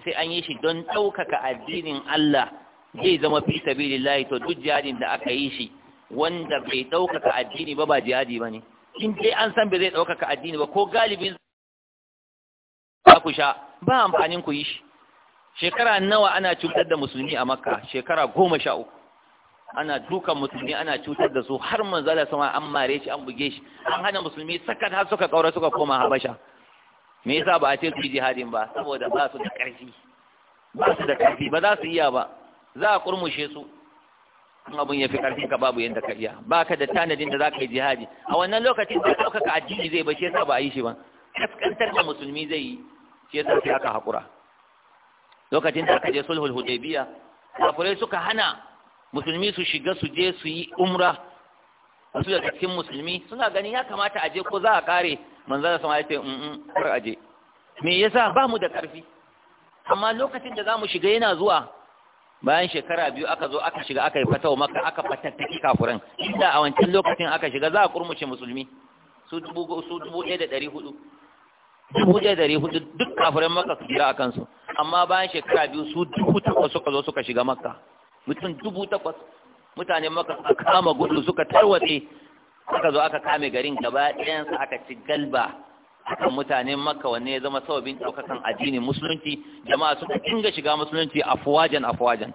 sai an yi shi don ɗaukaka addinin Allah zai zama fi sabilillahi to duk jihadin da aka yi shi wanda bai ɗaukaka addini ba ba jihadi ba ne in dai an san bai zai ɗaukaka addini ba ko galibin za ku sha ba amfanin ku yi shi shekara nawa ana cutar da musulmi a makka shekara goma sha uku ana dukan musulmi ana cutar da su har manzo da sama an mare shi an buge shi an hana musulmi saka har suka kaura suka koma habasha me yasa ba a ce su yi jihadin ba saboda ba su da ƙarfi ba su da ƙarfi ba za su iya ba za a kurmushe su in abin ya fi karfi ka babu yadda ka iya ba ka da tanadin da za ka yi jihadi a wannan lokacin da ɗaukaka addini zai ba shi yasa ba a yi shi ba kaskantar da musulmi zai yi shi yasa sai aka haƙura lokacin da aka je sulhul hudaybiya kafirai suka hana musulmi su shiga su je su yi umra wasu daga cikin musulmi suna ganin ya kamata a je ko za a kare da sama ya ce mm, mm, kar a je me yasa ba mu da karfi amma lokacin da za mu shiga yana zuwa bayan shekara biyu aka zo aka shiga aka yi fatawa maka aka fatattaki kafuran inda a wancan lokacin aka shiga za a kurmuce musulmi su dubu ɗaya da ɗari hudu dubu ɗaya da ɗari hudu duk kafuran maka su jira a kansu amma bayan shekara biyu su dubu takwas suka zo suka shiga makka mutum dubu takwas mutanen makka suka kama gudu suka tarwatse suka zo aka kame garin gaba ɗayansa aka ci galba akan mutanen makka wanne ya zama sababin ɗaukakan addinin musulunci jama'a suka dinga shiga musulunci afwajan afwajan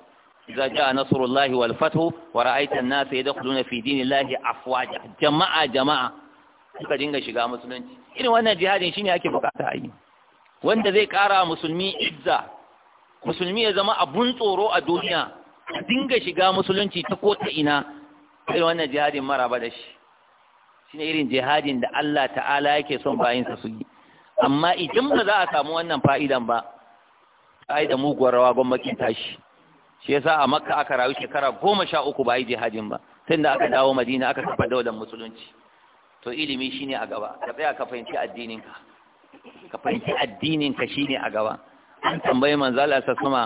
إذا جاء نصر الله والفتح ورأيت الناس يدخلون في دين الله أفواجا jamaa جماعة suka dinga shiga musulunci irin wannan jihadin shine ake bukata a yi wanda zai ƙara musulmi izza musulmi ya zama abun tsoro a duniya a dinga shiga musulunci ta ko ta ina sai wannan jihadin mara ba da shi shine irin jihadin da Allah ta'ala yake son sa su yi amma idan ba za a samu wannan fa'idan ba ai da muguwar rawa maki tashi shi yasa a makka aka rayu shekara goma sha uku ba yi jihadin ba Sanda da aka dawo madina aka kafa daular musulunci to ilimi shine a gaba ka tsaya ka fahimci addininka ka fahimci addinin ka shine a gaba an tambayi manzo Allah sa sama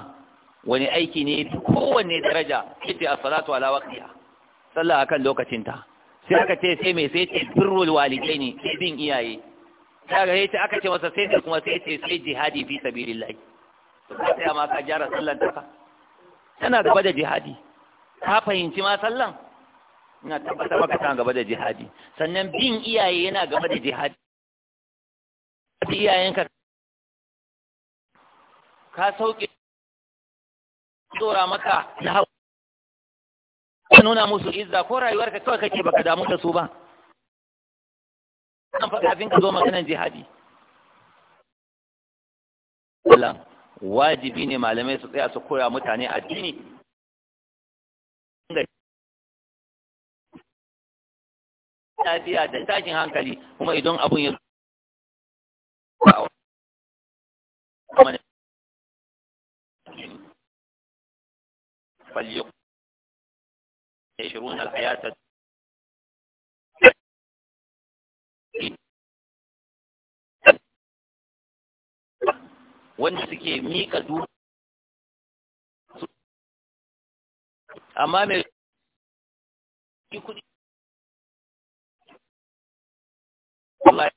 wani aiki ne kowanne daraja yace as-salatu ala waqtiha sallah akan lokacinta sai aka ce sai me sai ce birrul walidaini sai bin iyaye daga ce aka ce masa sai kuma sai ce sai jihadi fi sabilillah sai ma ka jara sallan ta tana gaba da jihadi ka fahimci ma sallan ina tabbata maka tana gaba da jihadi sannan bin iyaye yana gaba da jihadi iyayenka ka sauke dora maka na hau ka nuna musu izza ko rayuwar ka kawai kake baka damu da su ba an faɗa abin ka zo maganan jihadi wajibi ne malamai su tsaya su koya mutane addini lafiya da tashin hankali kuma idan abun ya ومن فليق يشرون الحياة wanda suke mika duk amma mai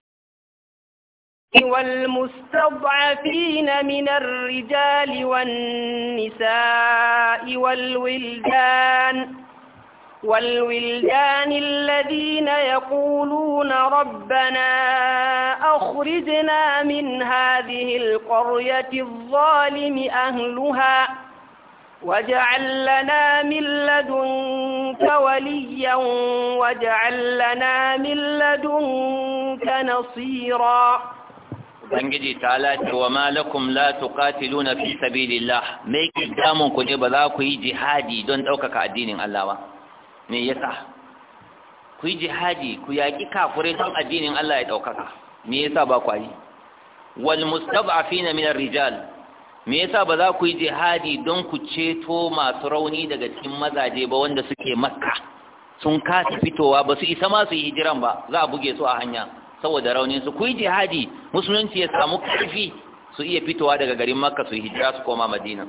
والمستضعفين من الرجال والنساء والولدان والولدان الذين يقولون ربنا أخرجنا من هذه القرية الظالم أهلها واجعل لنا من لدنك وليا واجعل لنا من لدنك نصيراً ubangiji ta lati wa malakum la tuqatiluna fi sabilillah me ke damun ku ne ba za ku yi jihadi don ɗaukaka addinin Allah ba me yasa ku yi jihadi ku yaƙi kafirai don addinin Allah ya ɗaukaka me yasa ba ku yi wal mustad'afina min ar-rijal me yasa ba za ku yi jihadi don ku ceto masu rauni daga cikin mazaje ba wanda suke makka sun kasa fitowa ba su isa ma su yi hijiran ba za a buge su a hanya saboda raunin su ku jihadi musulunci ya samu karfi su iya fitowa daga garin makka su hijira su koma madina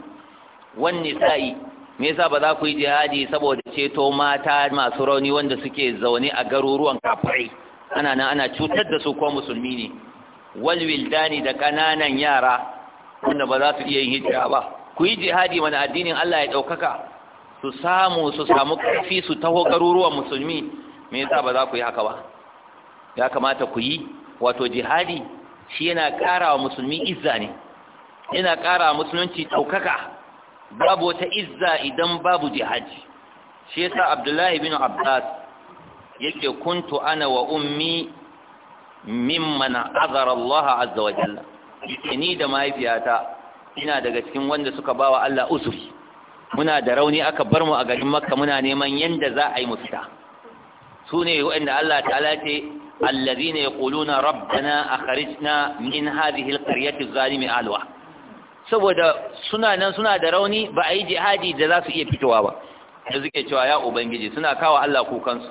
wani sa'i me yasa ba za ku yi jihadi saboda ceto mata masu rauni wanda suke zaune a garuruwan kafirai ana nan ana cutar da su ko musulmi ne wal wildani da kananan yara wanda ba za su iya yin hijira ba ku yi jihadi mana addinin Allah ya ɗaukaka su samu su samu ƙarfi su taho garuruwan musulmi me yasa ba za ku yi haka ba ya kamata ku yi wato jihadi shi yana ƙara wa musulmi izza ne yana ƙara wa musulunci ɗaukaka babu wata izza idan babu jihadi shi yasa abdullahi bin abbas yake kuntu ana wa ummi mana azar Allah azza wa jalla ni da mahaifiyata ina daga cikin wanda suka bawa Allah usuri muna da rauni aka bar mu a garin makka muna neman yanda za a yi mu fita su ne waɗanda Allah ta'ala ce الذين يقولون ربنا أخرجنا من هذه القرية الظالم أهلها saboda suna nan suna da rauni ba a yi jihadi da za su iya fitowa ba da suke cewa ya ubangiji suna kawo Allah kukansu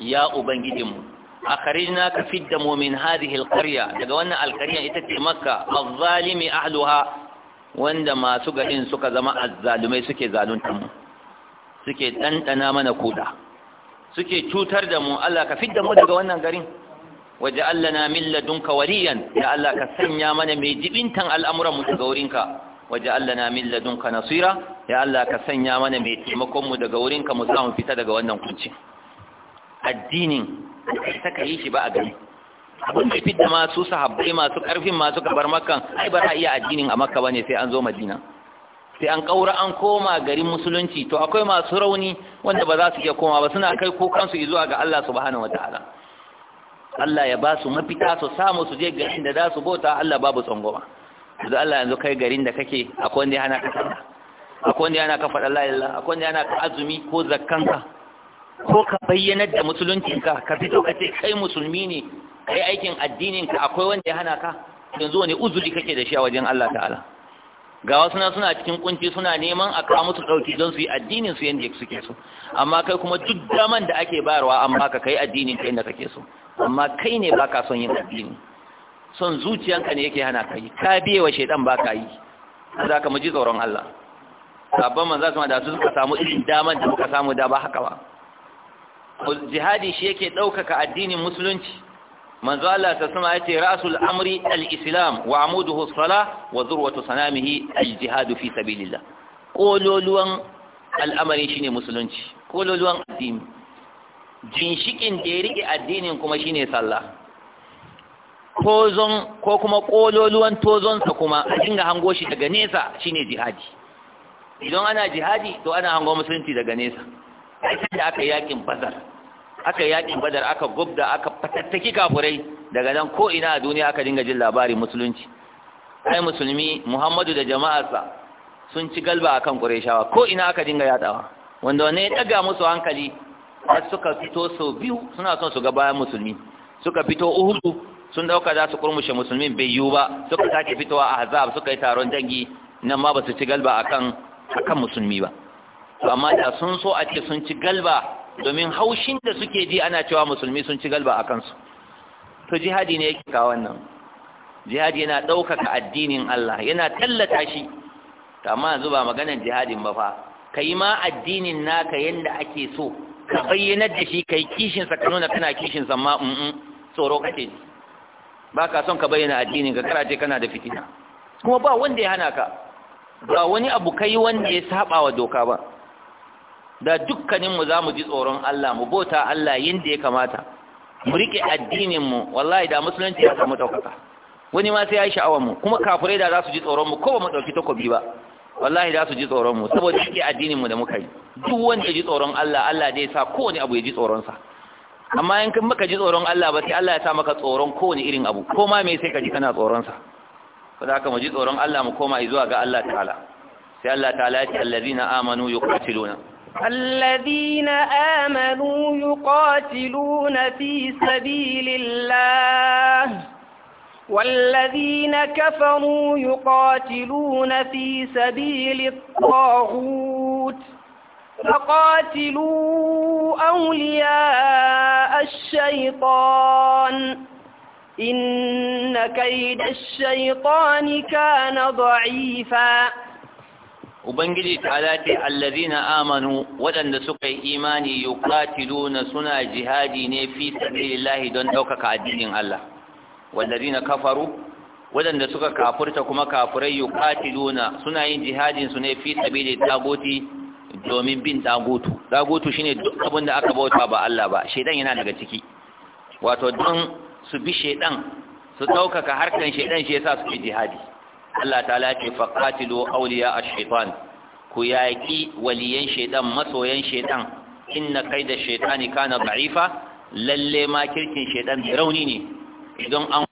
ya ubangijinmu a karijina ka fidda momin daga wannan alkariyar ita ce makka azzalimi wanda masu garin suka zama azzalumai suke mu suke ɗanɗana mana kuda suke cutar da mu Allah ka fidda mu daga wannan garin waje Allah na min dunka waliyan ya Allah ka sanya mana mai jibintan al'amuran mu daga wurinka waje Allah na min dunka nasira ya Allah ka sanya mana mai taimakon mu daga wurinka mu samu fita daga wannan kunci addinin ta ka yi shi ba a gani. abin da fidda masu sahabbai masu karfin masu kabar makan ai ba za iya addinin a makka bane sai an zo madina sai an ƙaura an koma garin musulunci to akwai masu rauni wanda ba za su iya koma ba suna kai kukansu zuwa ga Allah subhanahu wataala Allah ya ba su mafita su samu su je garin da za su bota, Allah babu tsangoma yanzu Allah yanzu kai garin da kake akwai wanda yana ka sallah akwai wanda yana ka faɗa la ilaha akwai wanda yana ka azumi ko zakkanka ko ka bayyanar da musuluncin ka fito ka ce kai musulmi ne kai aikin addininka akwai wanda ya hana ka yanzu wani uzuri kake da shi a wajen Allah ta'ala ga wasu na suna cikin kunci suna neman a kawo musu ɗauki don su yi addinin su yanda suke so amma kai kuma duk daman da ake bayarwa an baka kai addinin ka yadda kake so amma kai ne baka son yin addini son zuciyanka ne yake hana ka yi. ka biye wa ba baka yi za ka maji tsoron Allah sabon manzo ma da su suka samu irin daman da muka samu da ba haka ba jihadi shi yake ɗaukaka addinin musulunci manzo Allah ta sama yace rasul amri al-islam wa amuduhu as-salah wa zurwatu sanamihi al-jihad fi sabilillah kololuwan al'amari shine musulunci kololuwan addini jinshikin da ya rike addinin kuma shine sallah ko kuma kololuwan tozonsa kuma a dinga hango shi daga nesa shine jihadi idan ana jihadi to ana hango musulunci daga nesa sai da aka yakin bazar aka yaƙin badar aka gubda aka fatattaki kafurai daga nan ko ina a duniya aka dinga jin labari musulunci ai musulmi muhammadu da jama'arsa sun ci galba akan qurayshawa ko ina aka dinga yadawa wanda wane ya daga musu hankali har suka fito sau biyu suna son su ga bayan musulmi suka fito uhudu sun dauka za su kurmushe musulmin bai yiwu ba suka sake fitowa a azab suka yi taron dangi nan ma ba su ci galba akan akan musulmi ba to amma da sun so a ce sun ci galba domin haushin da suke ji ana cewa musulmi sun ci galba a kansu to jihadi ne yake kawo wannan jihadi yana ɗaukaka addinin Allah yana tallata shi amma yanzu ba maganar jihadin ba fa kai ma addinin naka yanda ake so ka bayyanar da shi kai kishin sa ka nuna kana kishin sa ma mm tsoro kake ji ba ka son ka bayyana addinin ka karaje kana da fitina kuma ba wanda ya hana ka ba wani abu kai wanda ya saba wa doka ba da dukkaninmu za mu ji tsoron Allah mu bauta Allah yadda ya kamata mu riƙe addininmu wallahi da musulunci ya samu ɗaukaka wani ma sai ya yi sha'awarmu mu kuma kafirai da za su ji tsoron mu ko ba mu ɗauki takobi ba wallahi za su ji tsoron mu saboda riƙe addinin mu da muka yi duk wanda ji tsoron Allah Allah zai sa kowane abu ya ji tsoron sa amma in kan maka ji tsoron Allah ba sai Allah ya sa maka tsoron kowane irin abu ko ma me sai ka ji kana tsoron sa saboda ka mu ji tsoron Allah mu koma zuwa ga Allah ta'ala sai Allah ta'ala ya ce allazina amanu yuqatiluna الذين آمنوا يقاتلون في سبيل الله والذين كفروا يقاتلون في سبيل الطاغوت فقاتلوا أولياء الشيطان إن كيد الشيطان كان ضعيفاً ubangiji ta'ala ce allazina amanu waɗanda suka yi imani yuqatiluna suna jihadi ne fi sabilillahi don ɗaukaka addinin Allah wallazina kafaru waɗanda suka kafurta kuma kafurai yuqatiluna suna yin jihadin su ne fi sabili tagoti domin bin tagotu tagotu shine duk abin da aka bauta ba Allah ba shedan yana daga ciki wato don su bi shedan su ɗaukaka harkan shedan shi yasa su fi jihadi Allah ta'ala ce faqatilu awliya a shaytan ku yaki waliyan shaiɗan masoyan in na kai da shaytani kana da'ifa lalle ma kirkin shaytan rauni ne idan an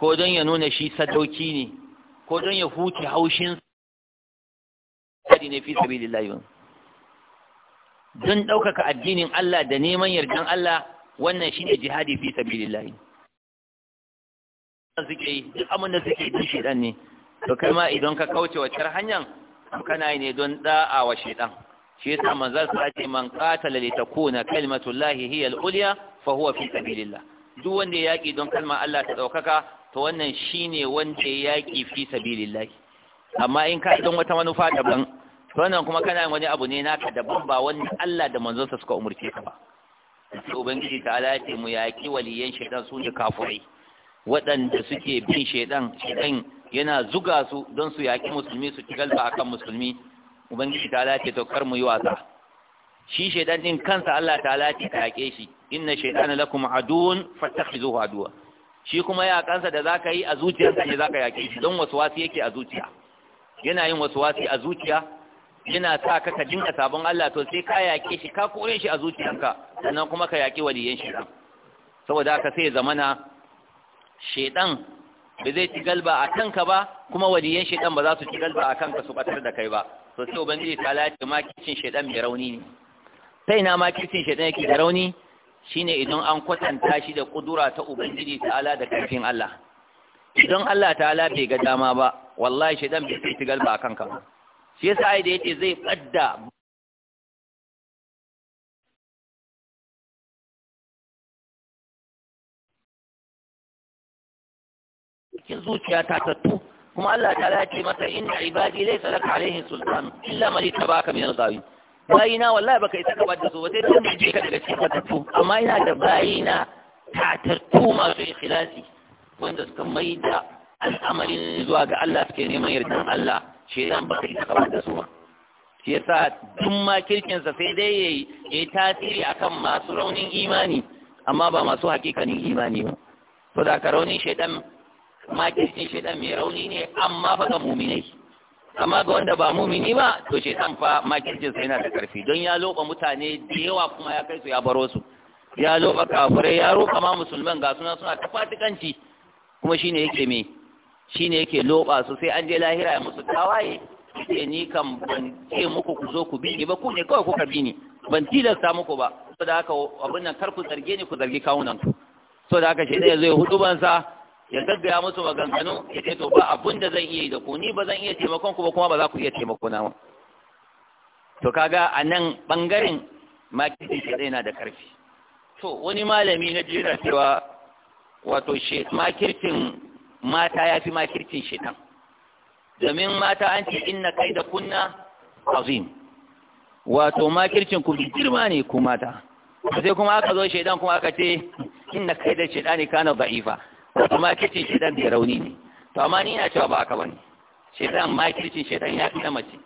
ko don ya nuna shi sadauki ne ko don ya huce haushin sadi ne fi sabi lillahi don ɗaukaka addinin Allah da neman yardan Allah wannan shi ne jihadi fi sabi lillahi suke yi duk da suke yi ne to kai ma idan ka kauce wacce hanyar kana yi ne don da'a wa shaidan shi yasa manzal su ce man qatala li takuna kalimatullahi hiya al-ulya fa huwa fi sabilillah duk wanda ya yaki don kalmar Allah ta ɗaukaka. to wannan shi ne wanda ya yaki fi sabilillahi amma in ka don wata manufa daban to wannan kuma kana wani abu ne naka daban ba wanda Allah da manzonsa suka umurce ka ba sai ubangiji ta ala ce mu yaƙi waliyan shaitan su ne kafirai waɗanda suke bin shaitan shaitan yana zuga su don su yaƙi musulmi su ci galba akan musulmi ubangiji ta ala ce to kar mu yi wasa shi shaitan din kansa Allah ta ala ce ka yake shi inna shaytana lakum aduwwun fattakhizuhu aduwwa shi kuma yaƙansa da za ka yi a zuciyarsa ne za ka yaƙe shi don wasuwasi yake a zuciya yana yin wasuwasi a zuciya yana sa ka ka dinga sabon Allah to sai ka yaƙe shi ka kore shi a zuciyarka sannan kuma ka yaƙi waliyan shi saboda haka sai zamana shedan ba zai ci galba a kanka ba kuma waliyan shedan ba za su ci galba a kanka su batar da kai ba to sai ubangiji ta lati makicin shedan mai rauni ne sai na makicin shedan yake da rauni shine idan an kwatanta shi da kudura ta ubangiji ta'ala da karfin Allah idan Allah ta'ala bai ga dama ba wallahi shedan bai fi tigal ba kanka shi yasa ai da yace zai badda cikin zuciya ta tattu kuma Allah ta'ala ya ce masa inna ibadi laysa lak alaihim sultan illa man tabaka min al-ghawin bayina wallahi baka isa ka bada su ba sai dan ji ka daga cikin fatattu amma ina da bayina tatattu masu ikhlasi wanda suka mai da al'amarin zuwa ga Allah suke neman yardan Allah shi dan baka isa ka bada su ba shi yasa duk ma kirkinsa sai dai yayi yayi tasiri akan masu raunin imani amma ba masu hakikanin imani ba to da ka raunin shaidan ma kirkin shaidan mai rauni ne amma fa ga mu'minai amma ga wanda ba mumini ba to shaitan fa makircin sa yana da karfi don ya loba mutane da yawa kuma ya kai su ya baro su ya loba kafirai ya roka ma musulman ga suna suna ta fatikanci kuma shine yake me shine yake loba su sai an je lahira ya musu tawaye ke ni kan ban ce muku ku zo ku bi ni ba ku ne kawai kuka bi ni ban tilasta muku ba saboda haka abin nan kar ku zarge ni ku zargi kawunan ku saboda haka shi ne zai hudu sa. ya gaggaya musu maganganu ya ce to ba abin da zan iya yi da ku ni ba zan iya taimakon ku ba kuma ba za ku iya taimako na mu to kaga a nan bangaren makiti shi na da karfi to wani malami na jira cewa wato she makircin mata ya fi makircin shetan domin mata an ce inna kai da kunna azim wato makircin ku girma ne ku mata sai kuma aka zo shedan kuma aka ce inna kai da ne kana da'ifa wato makircin shaidan bai rauni ne to amma ni na cewa ba haka bane shaidan makircin shaidan ya fi na mace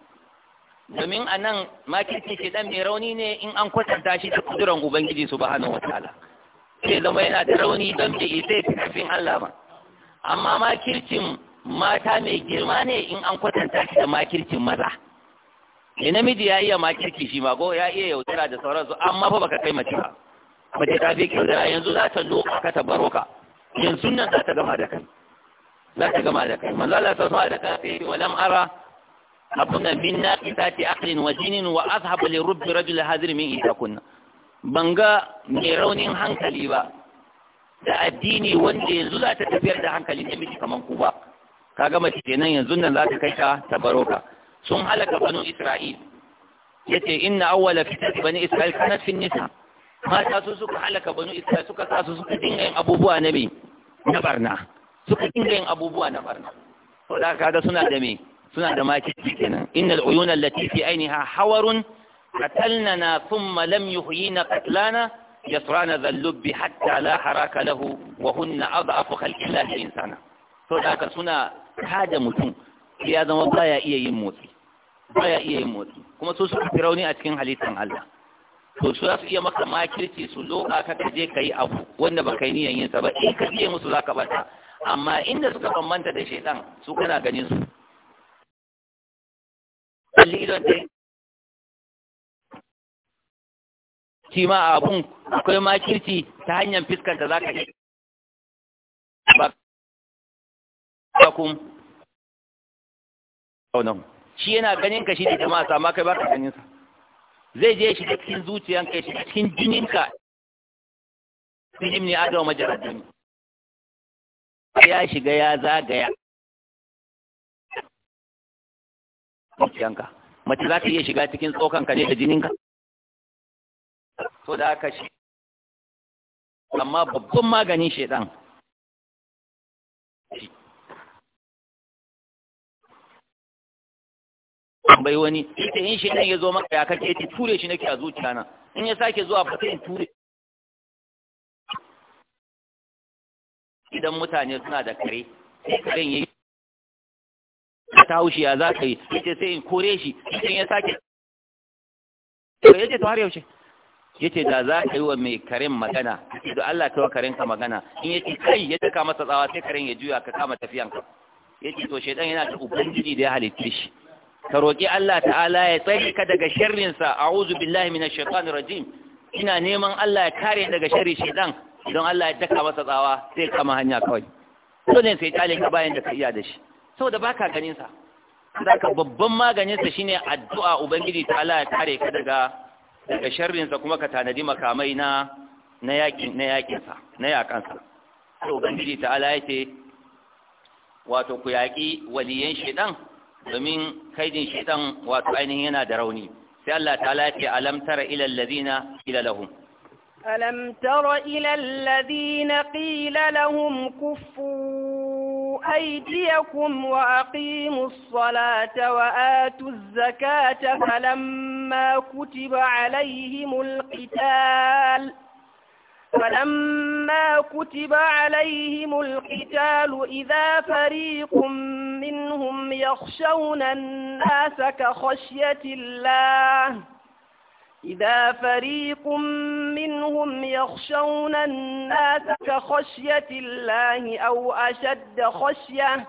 domin a nan makircin shaidan mai rauni ne in an kwatanta shi da kuduran ubangiji su ba wa ta'ala sai zama yana da rauni don bai isa kafin Allah ba amma makircin mata mai girma ne in an kwatanta shi da makircin maza ne namiji ya iya makirci shi ma ko ya iya yaudara da sauransu amma fa baka kai mace ba mace ta fi da yanzu za ta loka ka ta baro ka yin sunnan za ta gama da kai za ta gama da kai manzo Allah sallallahu alaihi wasallam ya ce walam ara abuna min naqisati aqlin wa jinin wa azhab li rubbi rajul hadir min ita kunna banga mai raunin hankali ba da addini wanda yanzu za ta tafiyar da hankali ne miji kamar ku ba kaga gama kenan yanzu nan za ta kai ta ka. sun halaka banu isra'il yace inna awwala fitati bani isra'il kanat fi nisa' mata su suka halaka banu isra'ila suka sa su suka dinga yin abubuwa na me na barna suka dinga yin abubuwa na barna to da kaga suna da me suna da makirci kenan innal uyuna allati fi ainiha hawarun qatalna thumma lam yuhyina qatlana yasrana dhallubbi hatta la haraka lahu wa hunna adhafu khalqi llahi insana to da ka suna kada mutum ya zama baya iya yin motsi baya iya yin motsi kuma su suka rauni a cikin halittar Allah to su za su iya maka makirci su loka ka kaje ka yi abu wanda ba ka yi niyan yinsa ba in ka ce musu za ka bata amma inda suka bambanta da shaitan, su kana ganin su kalli idon dai shi ma abun akwai makirci ta hanyar fiskar da za ka yi ba kun shi yana ganin ka shi da jama'a sama kai ba ka ganin sa zai je shiga cikin zuciyanka shi shiga cikin jininka yi ne adawa majaradin ya shiga ya zagaya zuciyanka mace za ka iya shiga cikin tsokanka ne da jininka so da aka shi amma babban maganin shaidan bai wani ita in shi nan ya zo maka ya kake ti ture shi nake a zuciya na in ya sake zuwa fa in ture idan mutane suna da kare sai karen yayi ta haushi ya za ka yi ita sai in kore shi idan ya sake to yace to har yaushe yace da za ka yi wa mai karen magana da Allah ta wa karen ka magana in yace kai ya taka masa tsawa sai karen ya juya ka kama tafiyanka yace to shedan yana da ubangiji da ya halitta shi ka roƙi Allah ta'ala ya tsare ka daga sharrinsa a'udhu billahi mina shaitanir rajim ina neman Allah ya kare daga sharri ɗan, don Allah ya taka masa tsawa sai kama hanya kawai so ne sai kyale ka bayan da ka iya da shi saboda baka ganin sa saka babban maganin sa shine addu'a ubangiji ta ya kare ka daga daga kuma ka tanadi makamai na na na ubangiji Ta'ala wato ku yaki waliyan shedan domin kaidin shaitan wato ainihin yana da rauni sai Allah ta lafi alam tara ila alam tara ila allazina qila lahum kuffu aydiyakum wa aqimus salata wa atuz zakata falamma kutiba alayhimul qital فلما كتب عليهم القتال إذا فريق منهم يخشون الناس كخشية الله إذا فريق منهم يخشون الناس كخشية الله أو أشد خشية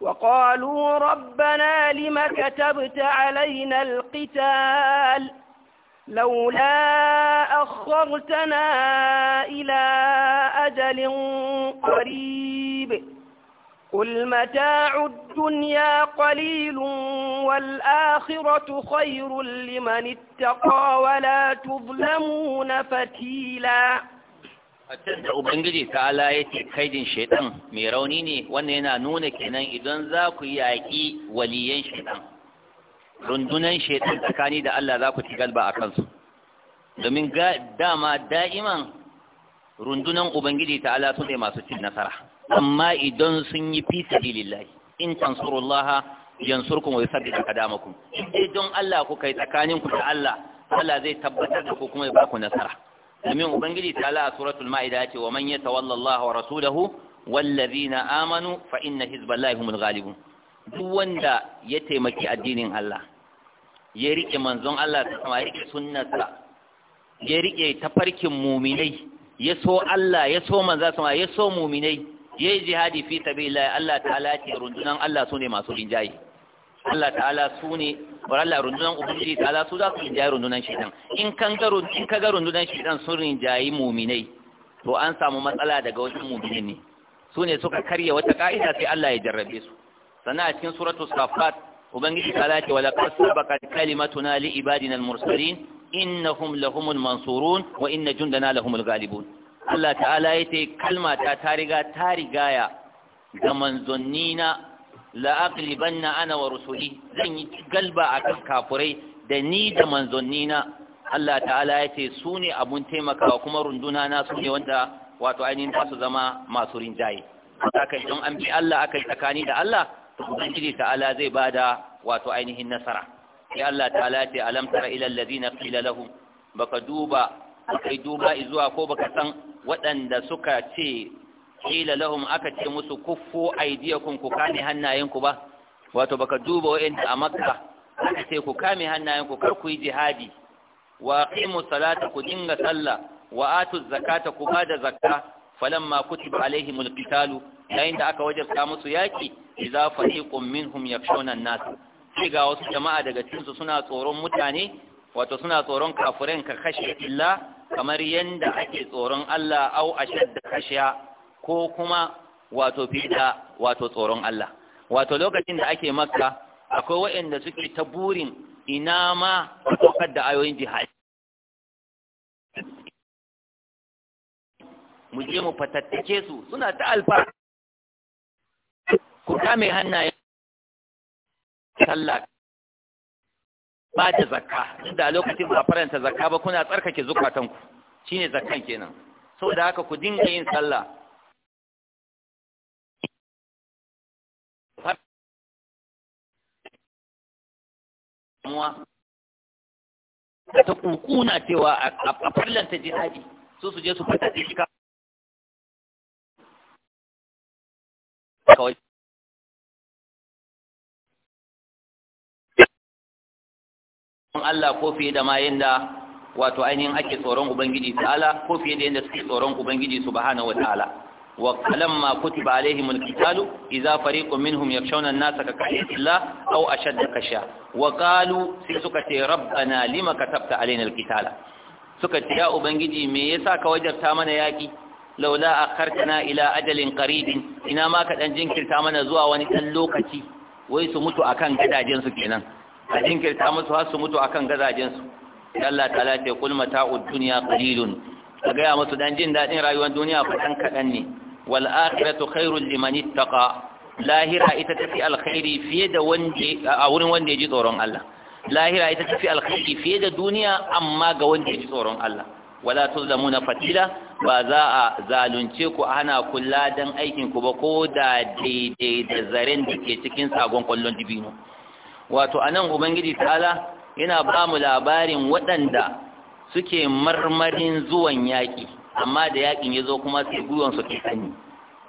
وقالوا ربنا لم كتبت علينا القتال ؟ لولا أخرتنا إلى أجل قريب قل متاع الدنيا قليل والآخرة خير لمن اتقى ولا تظلمون فتيلا da Ubangiji ta'ala ya ce kaidin shaidan mai rauni ne wannan yana nuna kenan idan za ku yaƙi waliyan shaidan rundunan shaitan tsakani da Allah za ku ci galba a kansu domin dama da'iman rundunan ubangiji ta'ala su ne masu cin nasara amma idan sun yi fi sabilillahi in tansurullaha yansurkum wa yusabbit da in don Allah ku kai tsakanin ku da Allah Allah zai tabbatar da ku kuma ya baku nasara domin ubangiji ta'ala a suratul ma'ida ce wa man yatawalla Allah wa rasulahu wallazina amanu fa inna hizballahi humul ghalibun duk wanda ya taimaki addinin Allah ya rike manzon Allah ta sama ya rike sunnarsa ya rike tafarkin muminai ya so Allah ya so manzon sama ya so muminai ya yi jihadi fi sabilillah Allah ta'ala ce rundunan Allah su ne masu rinjaye Allah ta'ala su ne Allah rundunan ubangiji ta'ala su za su rinjaye rundunan shaitan in kan ga in ka ga rundunan shaitan sun rinjaye muminai to an samu matsala daga wajen muminai ne su ne suka karya wata ka'ida sai Allah ya jarrabe su sannan a cikin suratu safat ubangiji ta lati wa laqad sabaqat kalimatuna li ibadina al-mursalin innahum lahumul mansurun wa inna jundana lahumul galibun. Allah ta'ala yace kalma ta ta riga ta rigaya ga manzonnina la aqlibanna ana wa rusuli zan yi galba akan kafurai da ni da manzonnina Allah ta'ala yace su ne abun taimakawa kuma runduna na su ne wanda wato ainihin za su zama masu rinjaye haka idan an bi Allah aka yi tsakani da Allah to ubangiji ta'ala zai bada wato ainihin nasara sai Allah ta'ala ce alam tara ila allazina qila lahum baka duba kai duba zuwa ko baka san waɗanda suka ce qila lahum aka ce musu kuffu aydiyakum ku kame hannayenku ba wato baka duba wa'anda a makka aka ce ku kame hannayenku kar ku yi jihadi wa aqimu salata ku dinga sallah wa atu zakata ku bada zakka falamma kutiba alaihimul qitalu yayin da aka wajabta musu yaki idza fariqun minhum yakshawna an-nas sai ga wasu jama'a daga cikin su suna tsoron mutane wato suna tsoron kafirin ka kashe illa kamar yadda ake tsoron Allah au ashadda kashiya ko kuma wato fita wato tsoron Allah wato lokacin da ake makka akwai waɗanda suke ta burin ina ma saukar da ayoyin jihadi mu je mu fatattake su suna ta alfa ku kame hannayen sallah ba da zakka inda lokacin ba faranta zakka ba kuna tsarkake zukatanku shine zakkan kenan saboda haka ku dinga yin sallah ta kuna cewa a farlanta jihadi su su je su fata cikin kawai Allah ko fiye da ma yanda wato ainihin ake tsoron ubangiji ta'ala ko fiye da yanda suke tsoron ubangiji subhanahu wataala wa kalamma kutiba alaihim alqitalu idza fariqun minhum yakshawna an-nasa ka kayyillah aw ashadda kasha wa qalu sai suka ce rabbana lima katabta alaina alqitala suka ce ya ubangiji me yasa ka wajarta mana yaki laula akhartana ila ajalin qaribin ina ma ka dan jinkirta mana zuwa wani dan lokaci wai su mutu akan gadajen su kenan a jinkirta musu har su mutu akan gazajensu Allah ta'ala ce kul mata'ud dunya qalilun ka gaya musu dan jin dadin rayuwar duniya fa dan kadan ne wal akhiratu khairul liman ittaqa lahira ita tafi alkhairi fiye da wanda a wurin wanda ya ji tsoron Allah lahira ita tafi alkhairi fiye da duniya amma ga wanda ya ji tsoron Allah wala tuzlamuna fatila ba za a zalunce ku a hana kula don aikin ku ba ko da daidai da zaren da ke cikin sagon kwallon dibino wato anan ubangiji ta'ala yana ba mu labarin waɗanda suke marmarin zuwan yaƙi amma da yaƙin ya zo kuma sai gwiwansu ke sanyi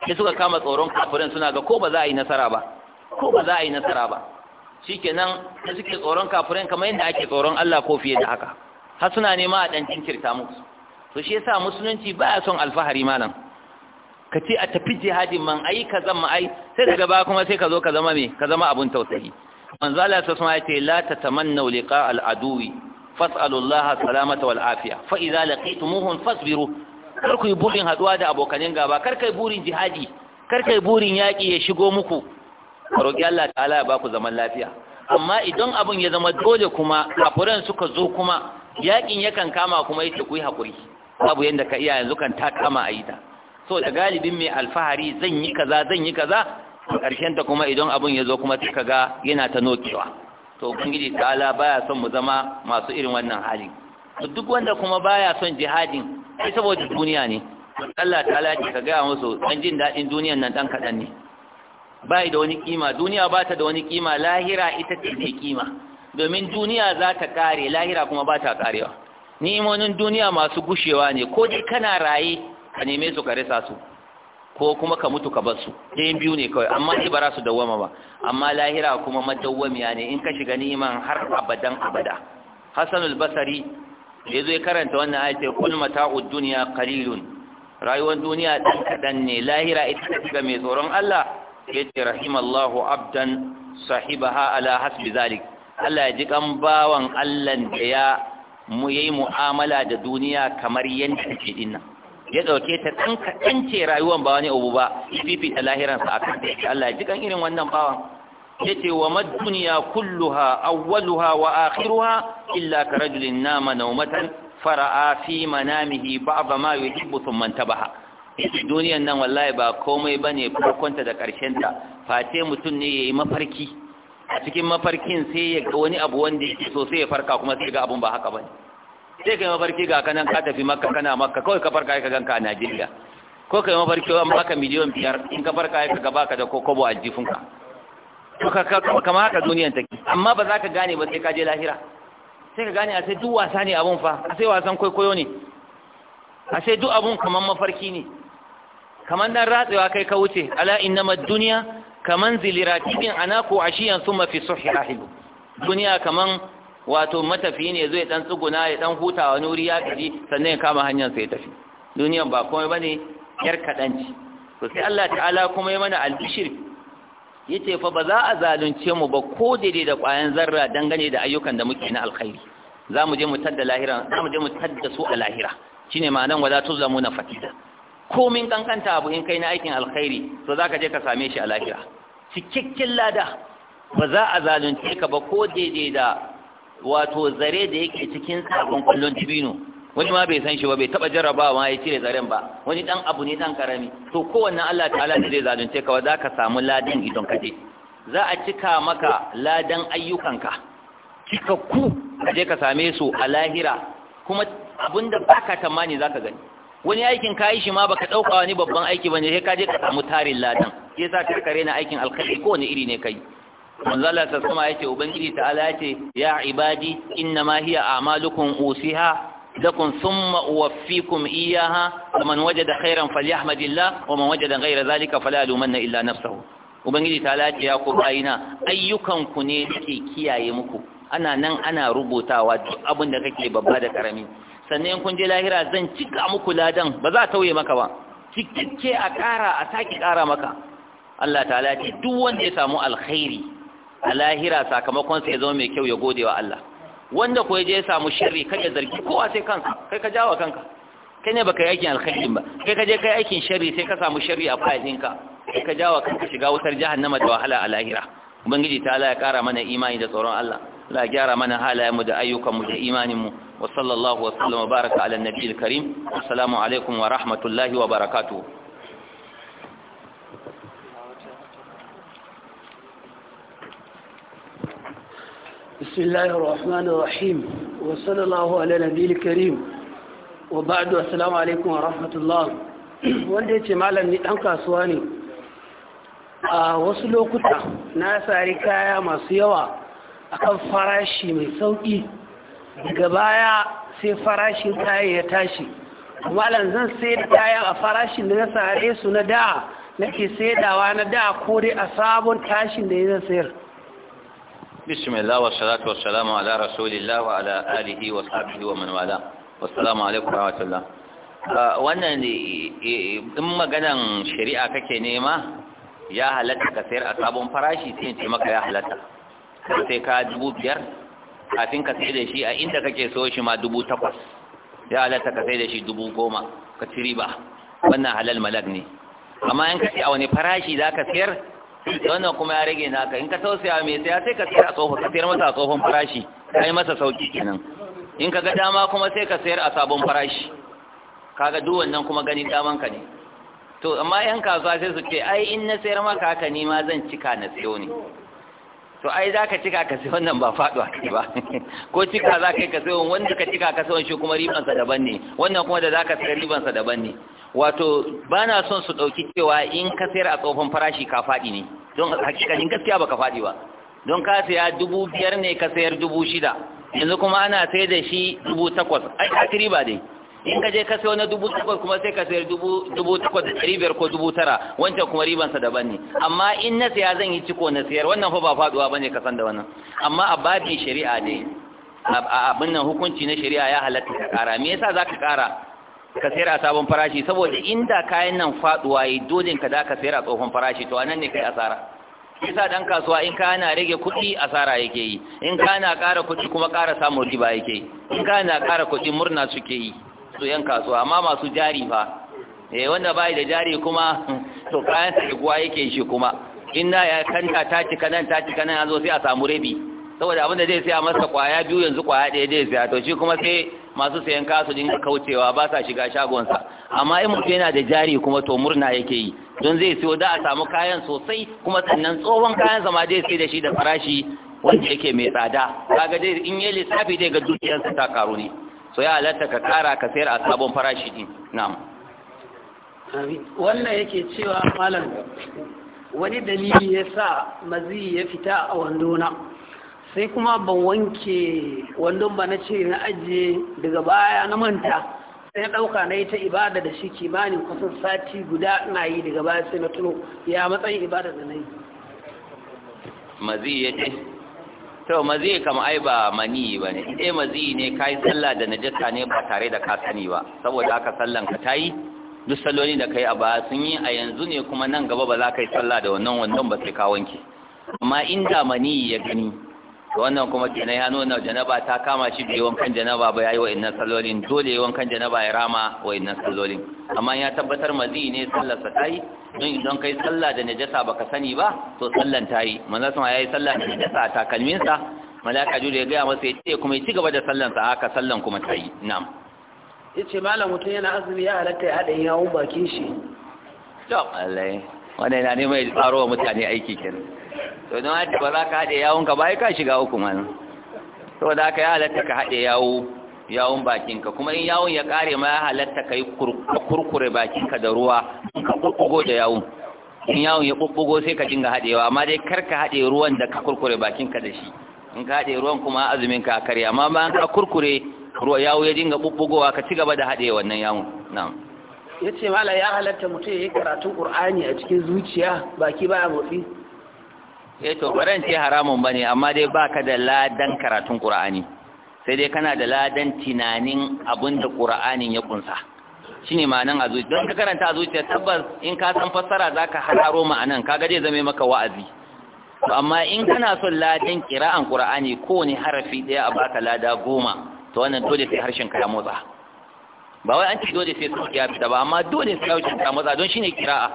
sai suka kama tsoron kafirin suna ga ko ba za a yi nasara ba ko ba za a yi nasara ba da suke tsoron kafirin kamar yadda ake tsoron Allah ko fiye da haka har suna nema a ɗan jinkirta musu to shi yasa musulunci baya son alfahari malam ka ce a tafi jihadin man ayi ka zama ai sai daga ba kuma sai ka zo ka zama me ka zama abun tausayi manzo Allah sai ya ce la tatamannu liqa al aduwi fas'alu Allah salamata wal afiya fa idza laqitumuhum fasbiru kar ku burin haduwa da abokanin gaba kar kai burin jihadi kar kai burin yaki ya shigo muku ka roki Allah ta'ala ya baku zaman lafiya amma idan abun ya zama dole kuma kafuran suka zo kuma yakin yakan kama kuma yace ku yi hakuri babu yanda ka iya yanzu kan ta kama a ta so da galibin mai alfahari zan yi kaza zan yi kaza ƙarshen ta kuma idan abin ya zo kuma suka ga yana ta nokewa to ubangiji ta'ala baya son mu zama masu irin wannan hali duk wanda kuma baya son jihadin sai saboda duniya ne Allah ta'ala ce ka gaya musu dan jin daɗin duniyan nan dan kaɗan ne bai da wani kima duniya ba ta da wani kima lahira ita ce ke kima domin duniya za ta kare lahira kuma ba ta karewa ni'imomin duniya masu gushewa ne ko dai kana raye ka neme su ka rasa su ko kuma ka mutu ka basu ɗayan biyu ne kawai amma ni ba su dawwama ba amma lahira kuma madawwamiya ne in ka shiga niman har abadan abada hasanul basari da zo ya karanta wannan ayat kul mata'ud duniya qalilun rayuwar duniya ɗan kaɗan ne lahira ita ce ga mai tsoron Allah yace rahimallahu abdan sahibaha ala hasbi zalik Allah ya ji kan bawan Allah da ya yi yayi mu'amala da duniya kamar yanda take dinnan ya ɗauke ta ɗan kaɗan ce rayuwan ba wani abu ba da lahiransa a kan Allah ji kan irin wannan bawan ya ce wa maduniya kulluha awwaluha wa akhiruha illa ka rajulin nama naumatan fara'a fi manamihi ba'da ma yuhibbu thumma tabaha duniyan nan wallahi ba komai bane farkonta da ta. face mutum ne yayi mafarki a cikin mafarkin sai ya ga wani abu wanda yake so sai ya farka kuma sai ga abun ba haka bane sai kai mafarki ga kanan ka tafi makka kana makka kawai ka farka ka ganka a Najeriya ko kai mafarki wa maka miliyan biyar in ka farka ka ga baka da kobo a ka. kama haka duniyan take amma ba za ka gane ba sai ka je lahira sai ka gane a sai duk wasa ne abun fa a sai wasan kwaikwayo ne a sai duk abun kamar mafarki ne kaman dan ratsewa kai ka wuce ala innama duniya kaman ziliraqibin anako ashiyan suma fi suhhi rahibu duniya kaman wato matafi ne zai dan tsuguna ya dan huta wani wuri ya gaji sannan ya kama hanyar sai ya tafi duniyan ba komai bane yar kadanci to sai Allah ta'ala kuma ya mana albishir yace fa ba za a zalunce mu ba ko daidai da ƙwayan zarra dangane da ayyukan da muke na alkhairi za mu je mu tadda lahira za mu je mu tadda su a lahira shine ma'anan wala na fatida min kankanta abu in kai na aikin alkhairi to zaka je ka same shi a lahira cikakken lada ba za a zalunce ka ba ko daidai da wato zare da yake cikin sabon kullun dibino wani ma bai san shi ba bai taba jarrabawa ya cire zaren ba wani dan abu ne dan karami to kowanne Allah ta'ala zai zalunce ka za ka samu ladan idon kaje za a cika maka ladan ayyukanka cika ku kaje ka same su a lahira kuma abinda baka tamani zaka gani wani aikin kayi shi ma baka dauka wani babban aiki bane sai ka je ka samu tarin ladan sai sa ka kare na aikin alkhairi ko wani iri ne kai manzala ta kuma ya ce ubangiji ta ala ce ya ibadi inna ma hiya amalukum usiha lakum thumma uwaffikum iyaha man wajada khairan falyahmadillah wa man wajada ghayra zalika fala lumanna illa nafsahu ubangiji ta ala ce ya ku bayina ayyukan ku ne take kiyaye muku ana nan ana rubutawa duk abin da kake babba da karami sannan kun je lahira zan cika muku ladan ba za a tauye maka ba cikakke a kara a saki kara maka Allah ta ce duk wanda ya samu alkhairi a lahira sakamakon sa ya zama mai kyau ya gode wa Allah wanda ko je ya samu sharri kada ya zargi kowa sai kanka kai ka jawa kanka kai ne baka yi aikin alkhairin ba kai ka je kai aikin sharri sai ka samu sharri a fa'idinka kai ka jawa kanka shiga wutar jahannama da wahala a lahira ubangiji ta Allah ya kara mana imani da tsoron Allah la gyara mana halayen mu da ayyukan mu da imanin mu wa sallallahu wa sallama baraka ala nabiyil karim assalamu alaikum wa rahmatullahi wa barakatuh بسم الله الرحمن الرحيم وصلى الله على نبي الكريم وبعد السلام عليكم ورحمة الله wanda ya ce malam ni ɗan kasuwa ne a wasu lokuta na sari kaya masu yawa akan farashi mai sauƙi daga baya sai farashin kayan ya tashi malam zan sai da kayan a farashin da na sare su na da nake saidawa na da ko dai a sabon tashin da ya sayar بسم الله والصلاة والسلام على رسول الله وعلى آله وصحبه ومن والاه والسلام عليكم ورحمة الله wannan eh, eh, in maganan shari'a kake nema ya halatta ka sayar a sabon farashi sai ce maka ya halatta sai ka dubu biyar kafin ka sai da shi a inda kake so shi ma dubu takwas ya halatta ka sai da shi dubu goma ka ci riba wannan halal malag ne amma in ka a wani farashi za ka sayar wannan kuma ya rage naka in ka tausaya mai saya sai ka sayar a tsohon ka sayar masa a tsohon farashi ka yi masa sauki kenan in ka ga dama kuma sai ka sayar a sabon farashi kaga duk wannan kuma ganin daman ka ne to amma yan kasuwa sai su ce ai in na sayar maka haka ni ma zan cika na sayo ne to ai za ka cika ka sayo wannan ba faɗuwa ke ba (laughs) ko cika za ka yi ka sayo wanda ka cika ka sayo shi kuma ribansa daban ne wannan kuma da za ka sayar ribansa daban ne wato ba na son su ɗauki cewa in ka sayar a tsofin farashi ka faɗi ne don hakikanin gaskiya ba ka faɗi ba don ka saya dubu biyar ne ka sayar dubu shida yanzu kuma ana sai da shi dubu takwas ai ka riba dai in ka je ka sayo na dubu takwas kuma sai ka sayar dubu takwas da ɗari biyar ko dubu tara wancan kuma ribansa daban ne amma in na saya zan yi ciko na sayar wannan fa ba faɗuwa ba ne ka san da wannan amma a babin shari'a ne abin nan hukunci na shari'a ya halatta ka ƙara me yasa za ka ƙara ka sayar a sabon farashi saboda inda kayan nan faduwa yi dole ka da ka sayar a tsohon farashi to anan ne kai asara sa dan kasuwa in ka na rage kuɗi asara yake yi in ka na ƙara kuɗi kuma ƙara samun riba yake yi in ka na ƙara kuɗi murna suke yi su yan kasuwa amma masu jari fa eh wanda bai da jari kuma (laughs) to kayan sa iguwa yake shi kuma in na ya kanta ta cika nan ta cika nan a zo sai a samu rabi saboda abin da zai siya masa kwaya biyu yanzu kwaya ɗaya zai siya to shi kuma sai masu sayan kasu dinga kaucewa ba sa shiga shagonsa amma in mutum yana da jari kuma to murna yake yi don zai siyo da a samu kayan sosai kuma sannan tsohon kayan zama zai sai da shi da farashi wanda yake mai tsada kaga dai in yi lissafi dai ga dukiyarsa ta karu ne so ya halatta ka kara ka sayar a sabon farashi din na'am wannan yake cewa malam wani dalili ya sa mazi ya fita a wandona sai kuma ban wanke wandon ba na ce na ajiye daga baya na manta sai na ɗauka na yi ta ibada da shi kimanin kusan sati guda na yi daga baya sai na tuno ya matsayin ibada da na yi maziyi ya ce to maziyi kama ai ba mani ba ne ɗaya maziyi ne ka yi sallah da najasa ne ba tare da ka sani ba saboda haka sallan ka ta yi duk salloli da ka yi a baya sun yi a yanzu ne kuma nan gaba ba za ka yi sallah da wannan wannan ba sai ka wanke amma inda mani ya gani to wannan kuma kenan ya nuna janaba ta kama shi bai wankan janaba ba yayi wa'annan sallolin dole yayi wankan janaba ya rama wa'annan sallolin amma ya tabbatar mazi ne sallar sa tayi don idan kai sallah da najasa baka sani ba to sallan tayi manzo sama yayi sallah da najasa ta kalmin sa malaka jure ya ga masa yace kuma ya ci gaba da sallan sa haka sallan kuma tayi na'am yace malam mutum yana azumi ya halatta ya hada yawun bakin shi to Allah wanda yana neman ya tsaro wa mutane aiki kenan to don haka ba za ka haɗe yawon ka ba ka shiga uku to saboda haka ya halatta ka haɗe yawo yawon bakinka kuma in yawon ya kare ma ya halatta ka yi kurkure bakinka da ruwa ka kurkugo da yawon in yawon ya kurkugo sai ka dinga haɗewa amma dai kar ka haɗe ruwan da ka kurkure bakinka da shi in ka haɗe ruwan kuma azumin ka karya amma in ka kurkure ruwa yawo ya dinga bubbugowa ka ci gaba da haɗe wannan yawon na'am ya ce mala ya halatta mutum ya yi karatun ƙur'ani a cikin zuciya baki baya motsi ya eh, to baran ce haramun ba ne amma dai ba ka da ladan karatun ƙur'ani sai dai kana da ladan tunanin abin da ƙur'anin ya ƙunsa shi ne ma'anan a zuciya don ka karanta a zuciya tabbas in ka san fassara za ka hararo ma'anan ka gaje zame maka wa'azi to amma in kana son ladan ƙira'an ƙur'ani kowane harafi ɗaya a baka lada goma to wannan dole sai harshen ka ya motsa ba wai an ce dole sai su ya fita ba amma dole su kawo cinta matsa don shine kira'a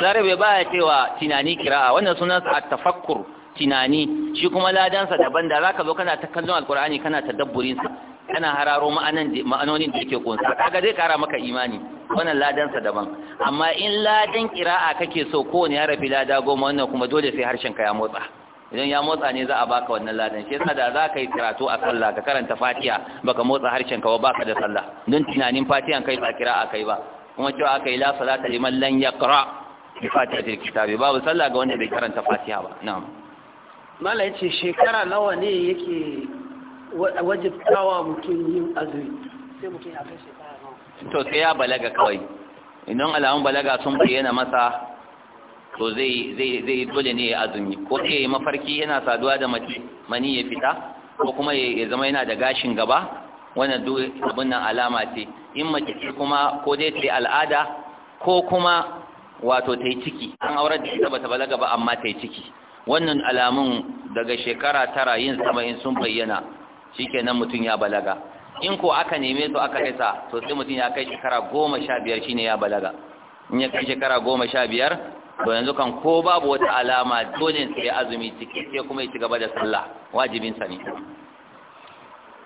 larabe baya cewa tunani kira'a wannan sunan sa tafakkur tunani shi kuma ladansa daban da zaka zo kana ta kallon alqur'ani kana tadabburin sa kana hararo ma'anan ma'anonin da yake kunsa kaga zai kara maka imani wannan ladansa daban amma in ladan kira'a kake so kowane ya rabi lada goma wannan kuma dole sai harshen ka ya motsa idan ya motsa ne za a baka wannan ladan shi yasa da za ka yi karatu a sallah ka karanta fatiha baka motsa harshen ka ba baka da sallah don tunanin fatihan kai ba kira akai ba kuma cewa akai la salata liman lan yaqra bi fatihatil kitabi babu sallah ga wanda bai karanta fatiha ba na'am mallai ce shekara nawa ne yake wajibtawa mutum yin azumi sai mutum ya kai shekara nawa to sai ya balaga kawai idan alamun balaga sun bayyana masa to zai zai dole ne ya azumi ko ke mafarki yana saduwa da mace mani ya fita ko kuma ya zama yana da gashin gaba wannan duk abin nan alama ce in mace ce kuma ko dai ta al'ada ko kuma wato ta yi ciki an aurar da ita bata balaga ba amma ta ciki wannan alamun daga shekara tara yin sama in sun bayyana shikenan mutum ya balaga in ko aka neme su aka rasa to sai mutum ya kai shekara goma sha biyar shine ya balaga in ya kai shekara goma sha biyar to yanzu kan ko babu wata alama dole sai azumi ciki sai kuma ya ci gaba da sallah wajibin sa ne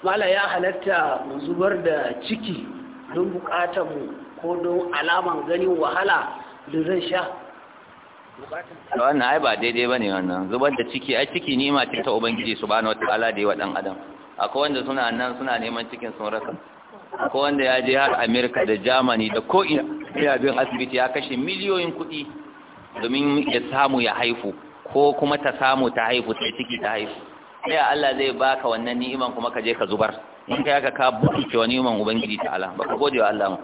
mala ya halatta mu zubar da ciki don bukatar mu ko don alaman ganin wahala da zan sha wannan ai ba daidai bane wannan zubar da ciki ai ciki ni ma ta ubangiji subhanahu wataala da wa dan adam akwai wanda suna nan suna neman cikin sun rasa akwai wanda ya je har Amerika da Germany da ko ina bin asibiti ya kashe miliyoyin kuɗi domin ya samu ya haifu ko kuma ta samu ta haifu ta ciki ta haifu sai Allah zai baka wannan ni'iman kuma ka je ka zubar in kai haka ka buɗe wa ni'iman ubangiji ta Allah ba ka gode wa Allah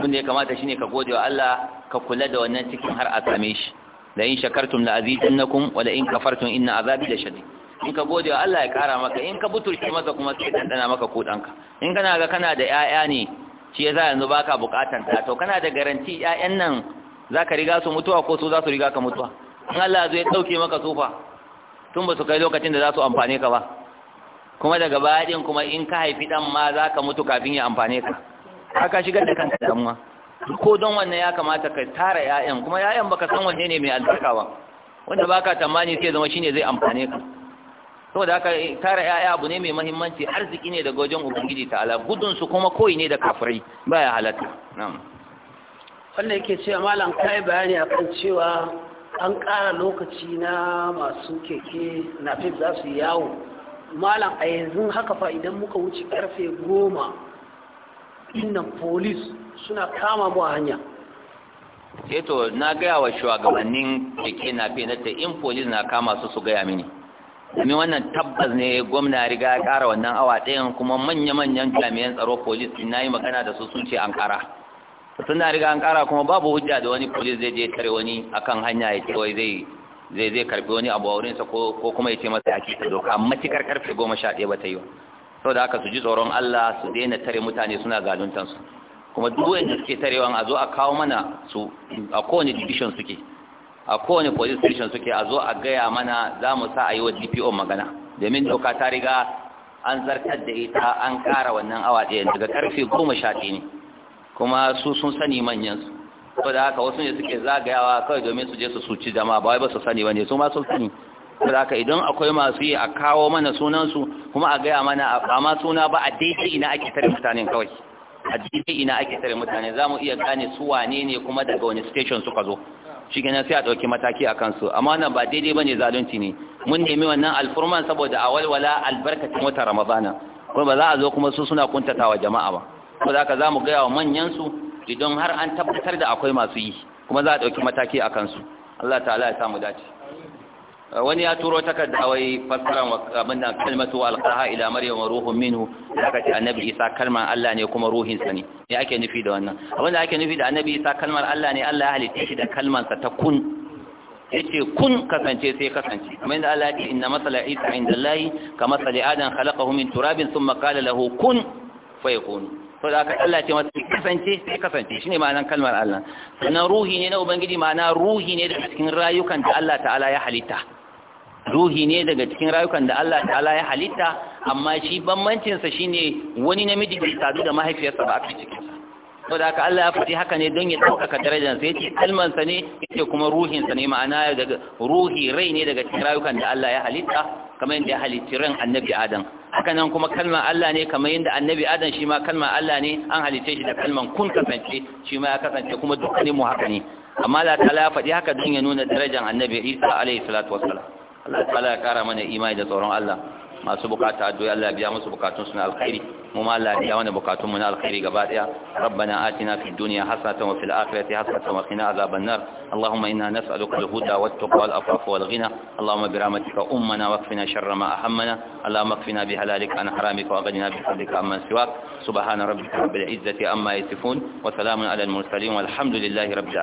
mun da ya kamata shine ka gode wa Allah ka kula da wannan cikin har a same shi la in shakartum la azidannakum wa la in kafartum inna azabi lashadid in ka gode wa Allah ya kara maka in ka butulce masa kuma sai ɗanɗana maka kudanka in kana ga kana da ƴaƴa ne shi yasa yanzu baka bukatan ta to kana da garanti ƴaƴan nan za ka riga su mutuwa ko su za su riga ka mutuwa in Allah zai ɗauke maka tsufa. tun ba su kai lokacin da za su amfane ka ba kuma daga bayan kuma in ka haifi ɗan ma za ka mutu kafin ya amfane ka haka shigar da kanka damuwa ko don wannan ya kamata ka tara 'ya'yan kuma 'ya'yan baka san wanne ne mai albarka ba wanda baka tamani sai zama shine zai amfane ka saboda haka eh, tara 'ya'ya abu ne mai muhimmanci arziki ne daga wajen ubangiji ta'ala gudun su kuma koyi ne da kafirai baya halatta na'am wannan yake cewa malam kai bayani akan cewa an ƙara lokaci na masu keke na fif za su yawo malam a yanzu haka fa idan muka wuce karfe goma innan polis suna kama mu hanya eto eh na gaya wa shugabannin keke na fi na in polis na kama su su gaya mini domin wannan tabbas ne gwamna riga ya kara wannan awa ɗayan kuma manya-manyan jami'an tsaro polis na yi magana da su sun ce an ƙara tun da riga an kara kuma babu hujja da wani polis zai je tare wani akan hanya ya ce wai zai zai karbi wani abu a wurinsa ko kuma ya ce masa ya ta doka matukar karfe goma sha ɗaya ba ta yi ba da haka su ji tsoron Allah su daina tare mutane suna su, kuma duk wanda suke tarewa a zo a kawo mana su a kowane division suke a kowane police station suke a zo a gaya mana za mu sa a yi wa DPO magana domin doka ta riga an zartar da ita an kara wannan awa ɗaya daga karfe goma sha ɗaya ne kuma su sun sani manyan su ko da haka wasu ne suke zagayawa kawai domin su je su suci jama'a ba wai ba su sani bane su ma sun sani ko da haka idan akwai masu yi a kawo mana sunan su kuma a gaya mana ba ma suna ba a daidai ina ake tare mutane kawai a daidai ina ake tare mutane za mu iya gane su wane ne kuma daga wani station suka zo shi kenan sai a ɗauki mataki a kansu amma wannan ba daidai ba ne zalunci ne mun nemi wannan alfurman saboda a walwala albarkacin wata ramadana kuma ba za a zo kuma su suna kuntatawa jama'a ba ko za ka za mu gaya wa manyansu idan har an tabbatar da akwai masu yi kuma za a ɗauki mataki a kansu Allah ta'ala ya samu dace wani ya turo takarda wai fassaran abin da kalmatu wa alqaha ila maryam wa ruhun minhu daga ce annabi isa kalmar Allah ne kuma ruhin sa ne me ake nufi da wannan abin da ake nufi da annabi isa kalmar Allah ne Allah ya halitta shi da kalmar sa ta kun yace kun kasance sai kasance kamar da Allah ya ce inna masala isa inda Allah kama masali adam khalaqahu min turabin thumma qala lahu kun fayakun so da aka Allah ce masa kasance sai kasance shine ma'anar kalmar Allah sannan ruhi ne na ubangiji ma'ana ruhi ne daga cikin rayukan da Allah ta'ala ya halitta ruhi ne daga cikin rayukan da Allah ta'ala ya halitta amma shi bambancin sa shine wani namiji da sadu da mahaifiyarsa ba a cikin to da haka Allah ya faɗi haka ne don ya ɗaukaka darajar Ya ce kalman sa ne yace kuma ruhin sa ne ma'ana daga ruhi rai ne daga cikin rayukan da Allah ya halitta kamar yadda ya halitti ran annabi Adam haka nan kuma kalman Allah ne kamar yadda annabi Adam shi ma kalman Allah ne an halitta shi da kalman kun kasance shi ma ya kasance kuma ne mu haka ne amma Allah ta ya faɗi haka don ya nuna darajar annabi Isa alaihi salatu wassalam Allah ta ya kara mana imani da tsoron Allah masu bukata addu'a Allah ya biya musu bukatun sunan alkhairi وما لا يعني بقاتهم من الخير قبائع ربنا آتنا في الدنيا حسنة وفي الآخرة حسنة وقنا عذاب النار اللهم إنا نسألك الهدى والتقى والأفاف والغنى اللهم برامتك أمنا وقفنا شر ما أحمنا اللهم اقفنا بحلالك عن حرامك وغدنا بحبك أما سواك سبحان ربك رب العزة أما يسفون وسلام على المرسلين والحمد لله رب العالمين